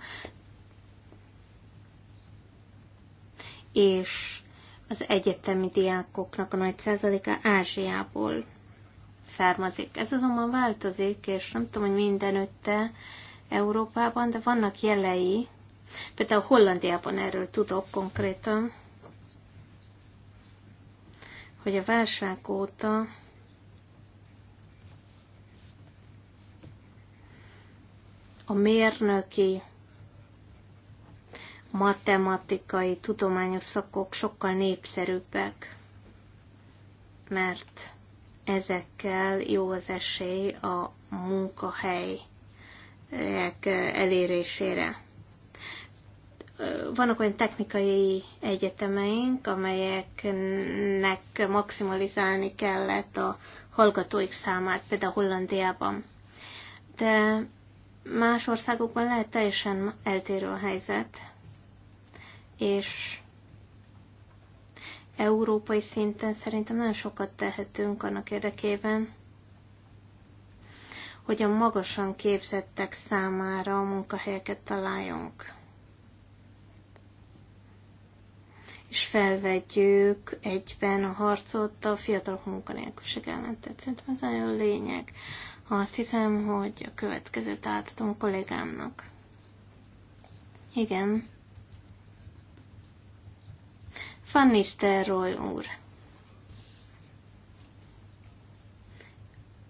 és az egyetemi diákoknak a nagy százaléka Ázsiából származik. Ez azonban változik, és nem tudom, hogy mindenütte Európában, de vannak jelei, például Hollandiában erről tudok konkrétan, hogy a válság óta a mérnöki matematikai, tudományos szakok sokkal népszerűbbek, mert ezekkel jó az esély a munkahelyek elérésére. Vannak olyan technikai egyetemeink, amelyeknek maximalizálni kellett a hallgatóik számát, például Hollandiában. De más országokban lehet teljesen eltérő a helyzet, és európai szinten szerintem nagyon sokat tehetünk annak érdekében, hogy a magasan képzettek számára a munkahelyeket találjunk. És felvegyük egyben a harcot a fiatalok munkanélküliség ellen. Tehát szerintem ez nagyon lényeg. Azt hiszem, hogy a következőt átadom kollégámnak. Igen. Van Nistelrooy úr.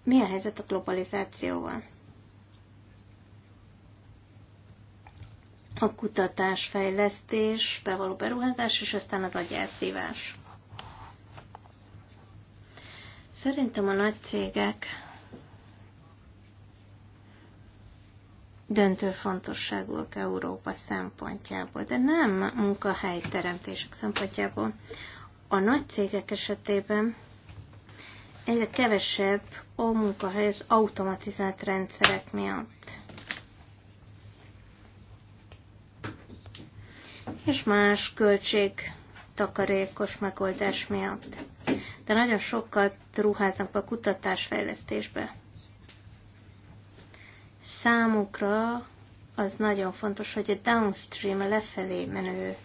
Mi a helyzet a globalizációval? A kutatás, fejlesztés, bevaló beruházás, és aztán az agyelszívás. Szerintem a nagy cégek döntő fontosságúak Európa szempontjából, de nem munkahelyteremtések szempontjából. A nagy cégek esetében egyre kevesebb a munkahely az automatizált rendszerek miatt. És más költség takarékos megoldás miatt. De nagyon sokat ruháznak be a kutatásfejlesztésbe számukra az nagyon fontos, hogy a downstream, a lefelé menő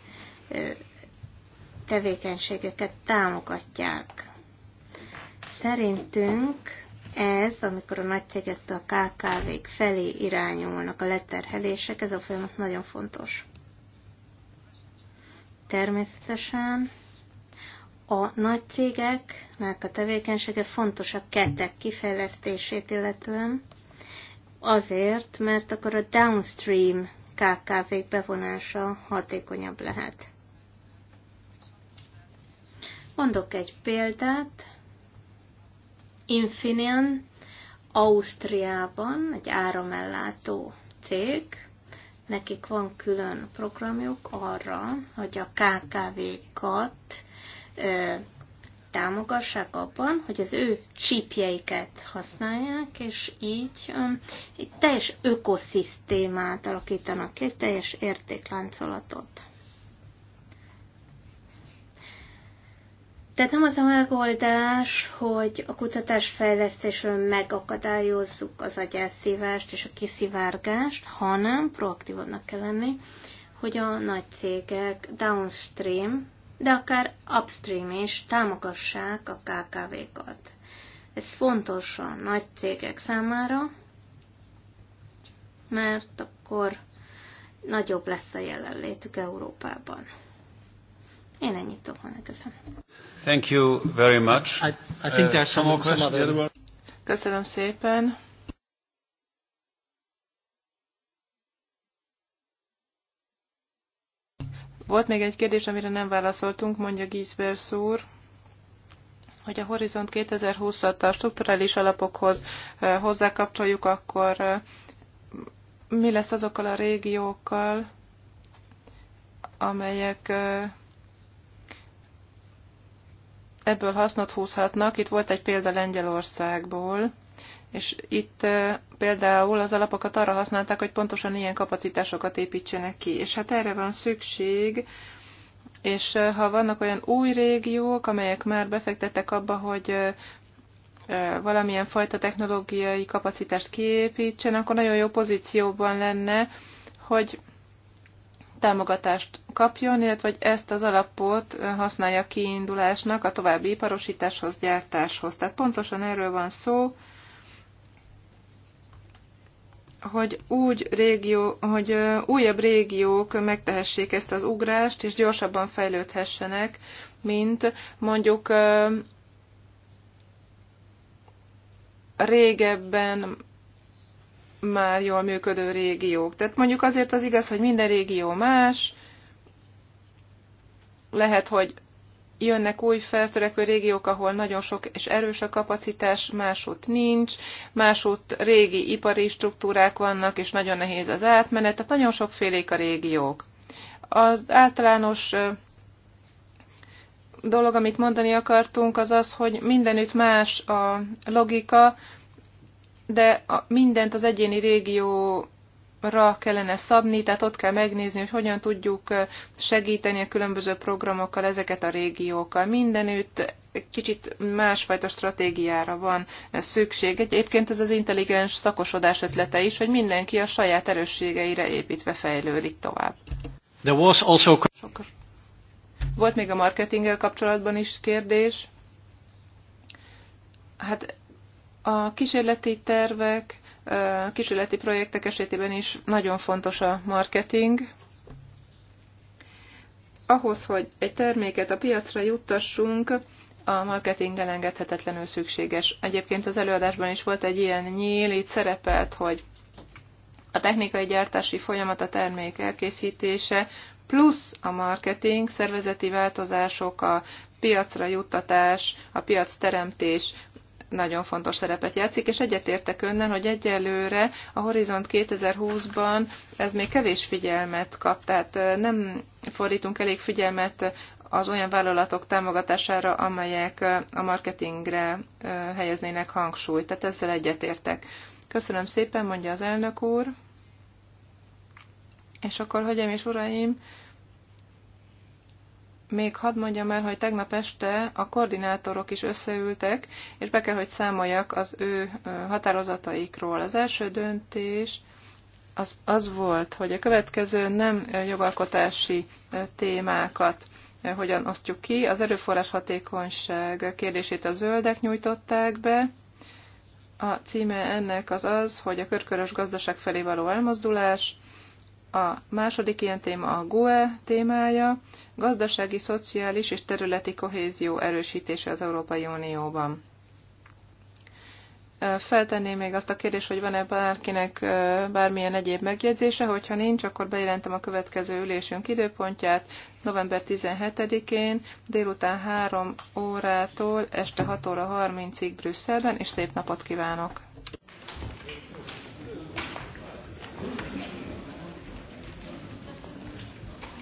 tevékenységeket támogatják. Szerintünk ez, amikor a nagy cégektől a KKV-k felé irányulnak a leterhelések, ez a folyamat nagyon fontos. Természetesen a nagy cégeknek a tevékenysége fontos a kettek kifejlesztését illetően, Azért, mert akkor a downstream KKV-k bevonása hatékonyabb lehet. Mondok egy példát. Infineon Ausztriában egy áramellátó cég, nekik van külön programjuk arra, hogy a KKV-kat támogassák abban, hogy az ő csípjeiket használják, és így um, egy teljes ökoszisztémát alakítanak ki, egy teljes értékláncolatot. Tehát nem az a megoldás, hogy a kutatás fejlesztésről megakadályozzuk az agyászívást és a kiszivárgást, hanem proaktívabbnak kell lenni, hogy a nagy cégek downstream de akár upstream is támogassák a KKV-kat. Ez fontos a nagy cégek számára, mert akkor nagyobb lesz a jelenlétük Európában. Én ennyit tudok volna, köszönöm. Thank you very much. I, I think uh, are some more questions. Other... Köszönöm szépen. Volt még egy kérdés, amire nem válaszoltunk, mondja Giesbers úr hogy a Horizont 2020-at a strukturális alapokhoz hozzákapcsoljuk, akkor mi lesz azokkal a régiókkal, amelyek ebből hasznot húzhatnak. Itt volt egy példa Lengyelországból, és itt például az alapokat arra használták, hogy pontosan ilyen kapacitásokat építsenek ki, és hát erre van szükség, és ha vannak olyan új régiók, amelyek már befektettek abba, hogy valamilyen fajta technológiai kapacitást kiépítsen, akkor nagyon jó pozícióban lenne, hogy támogatást kapjon, illetve hogy ezt az alapot használja kiindulásnak a további iparosításhoz, gyártáshoz. Tehát pontosan erről van szó, hogy úgy régió, hogy újabb régiók megtehessék ezt az ugrást, és gyorsabban fejlődhessenek, mint mondjuk régebben már jól működő régiók. Tehát mondjuk azért az igaz, hogy minden régió más, lehet, hogy jönnek új feltörekvő régiók, ahol nagyon sok és erős a kapacitás, másút nincs, másút régi ipari struktúrák vannak, és nagyon nehéz az átmenet, tehát nagyon sokfélék a régiók. Az általános dolog, amit mondani akartunk, az az, hogy mindenütt más a logika, de mindent az egyéni régió ra kellene szabni, tehát ott kell megnézni, hogy hogyan tudjuk segíteni a különböző programokkal ezeket a régiókkal. Mindenütt egy kicsit másfajta stratégiára van szükség. Egyébként ez az intelligens szakosodás ötlete is, hogy mindenki a saját erősségeire építve fejlődik tovább. There was also... Volt még a marketinggel kapcsolatban is kérdés. Hát a kísérleti tervek kísérleti projektek esetében is nagyon fontos a marketing. Ahhoz, hogy egy terméket a piacra juttassunk, a marketing elengedhetetlenül szükséges. Egyébként az előadásban is volt egy ilyen nyíl, itt szerepelt, hogy a technikai gyártási folyamat, a termék elkészítése, plusz a marketing, szervezeti változások, a piacra juttatás, a piac teremtés nagyon fontos szerepet játszik, és egyetértek önnel, hogy egyelőre a Horizont 2020-ban ez még kevés figyelmet kap, tehát nem fordítunk elég figyelmet az olyan vállalatok támogatására, amelyek a marketingre helyeznének hangsúlyt. Tehát ezzel egyetértek. Köszönöm szépen, mondja az elnök úr. És akkor, hölgyeim és uraim, még hadd mondjam el, hogy tegnap este a koordinátorok is összeültek, és be kell, hogy számoljak az ő határozataikról. Az első döntés az, az volt, hogy a következő nem jogalkotási témákat hogyan osztjuk ki. Az erőforrás hatékonyság kérdését a zöldek nyújtották be. A címe ennek az az, hogy a körkörös gazdaság felé való elmozdulás, a második ilyen téma a GUE témája, gazdasági, szociális és területi kohézió erősítése az Európai Unióban. Feltenném még azt a kérdést, hogy van-e bárkinek bármilyen egyéb megjegyzése, hogyha nincs, akkor bejelentem a következő ülésünk időpontját, november 17-én délután 3 órától este 6 óra 30-ig Brüsszelben, és szép napot kívánok!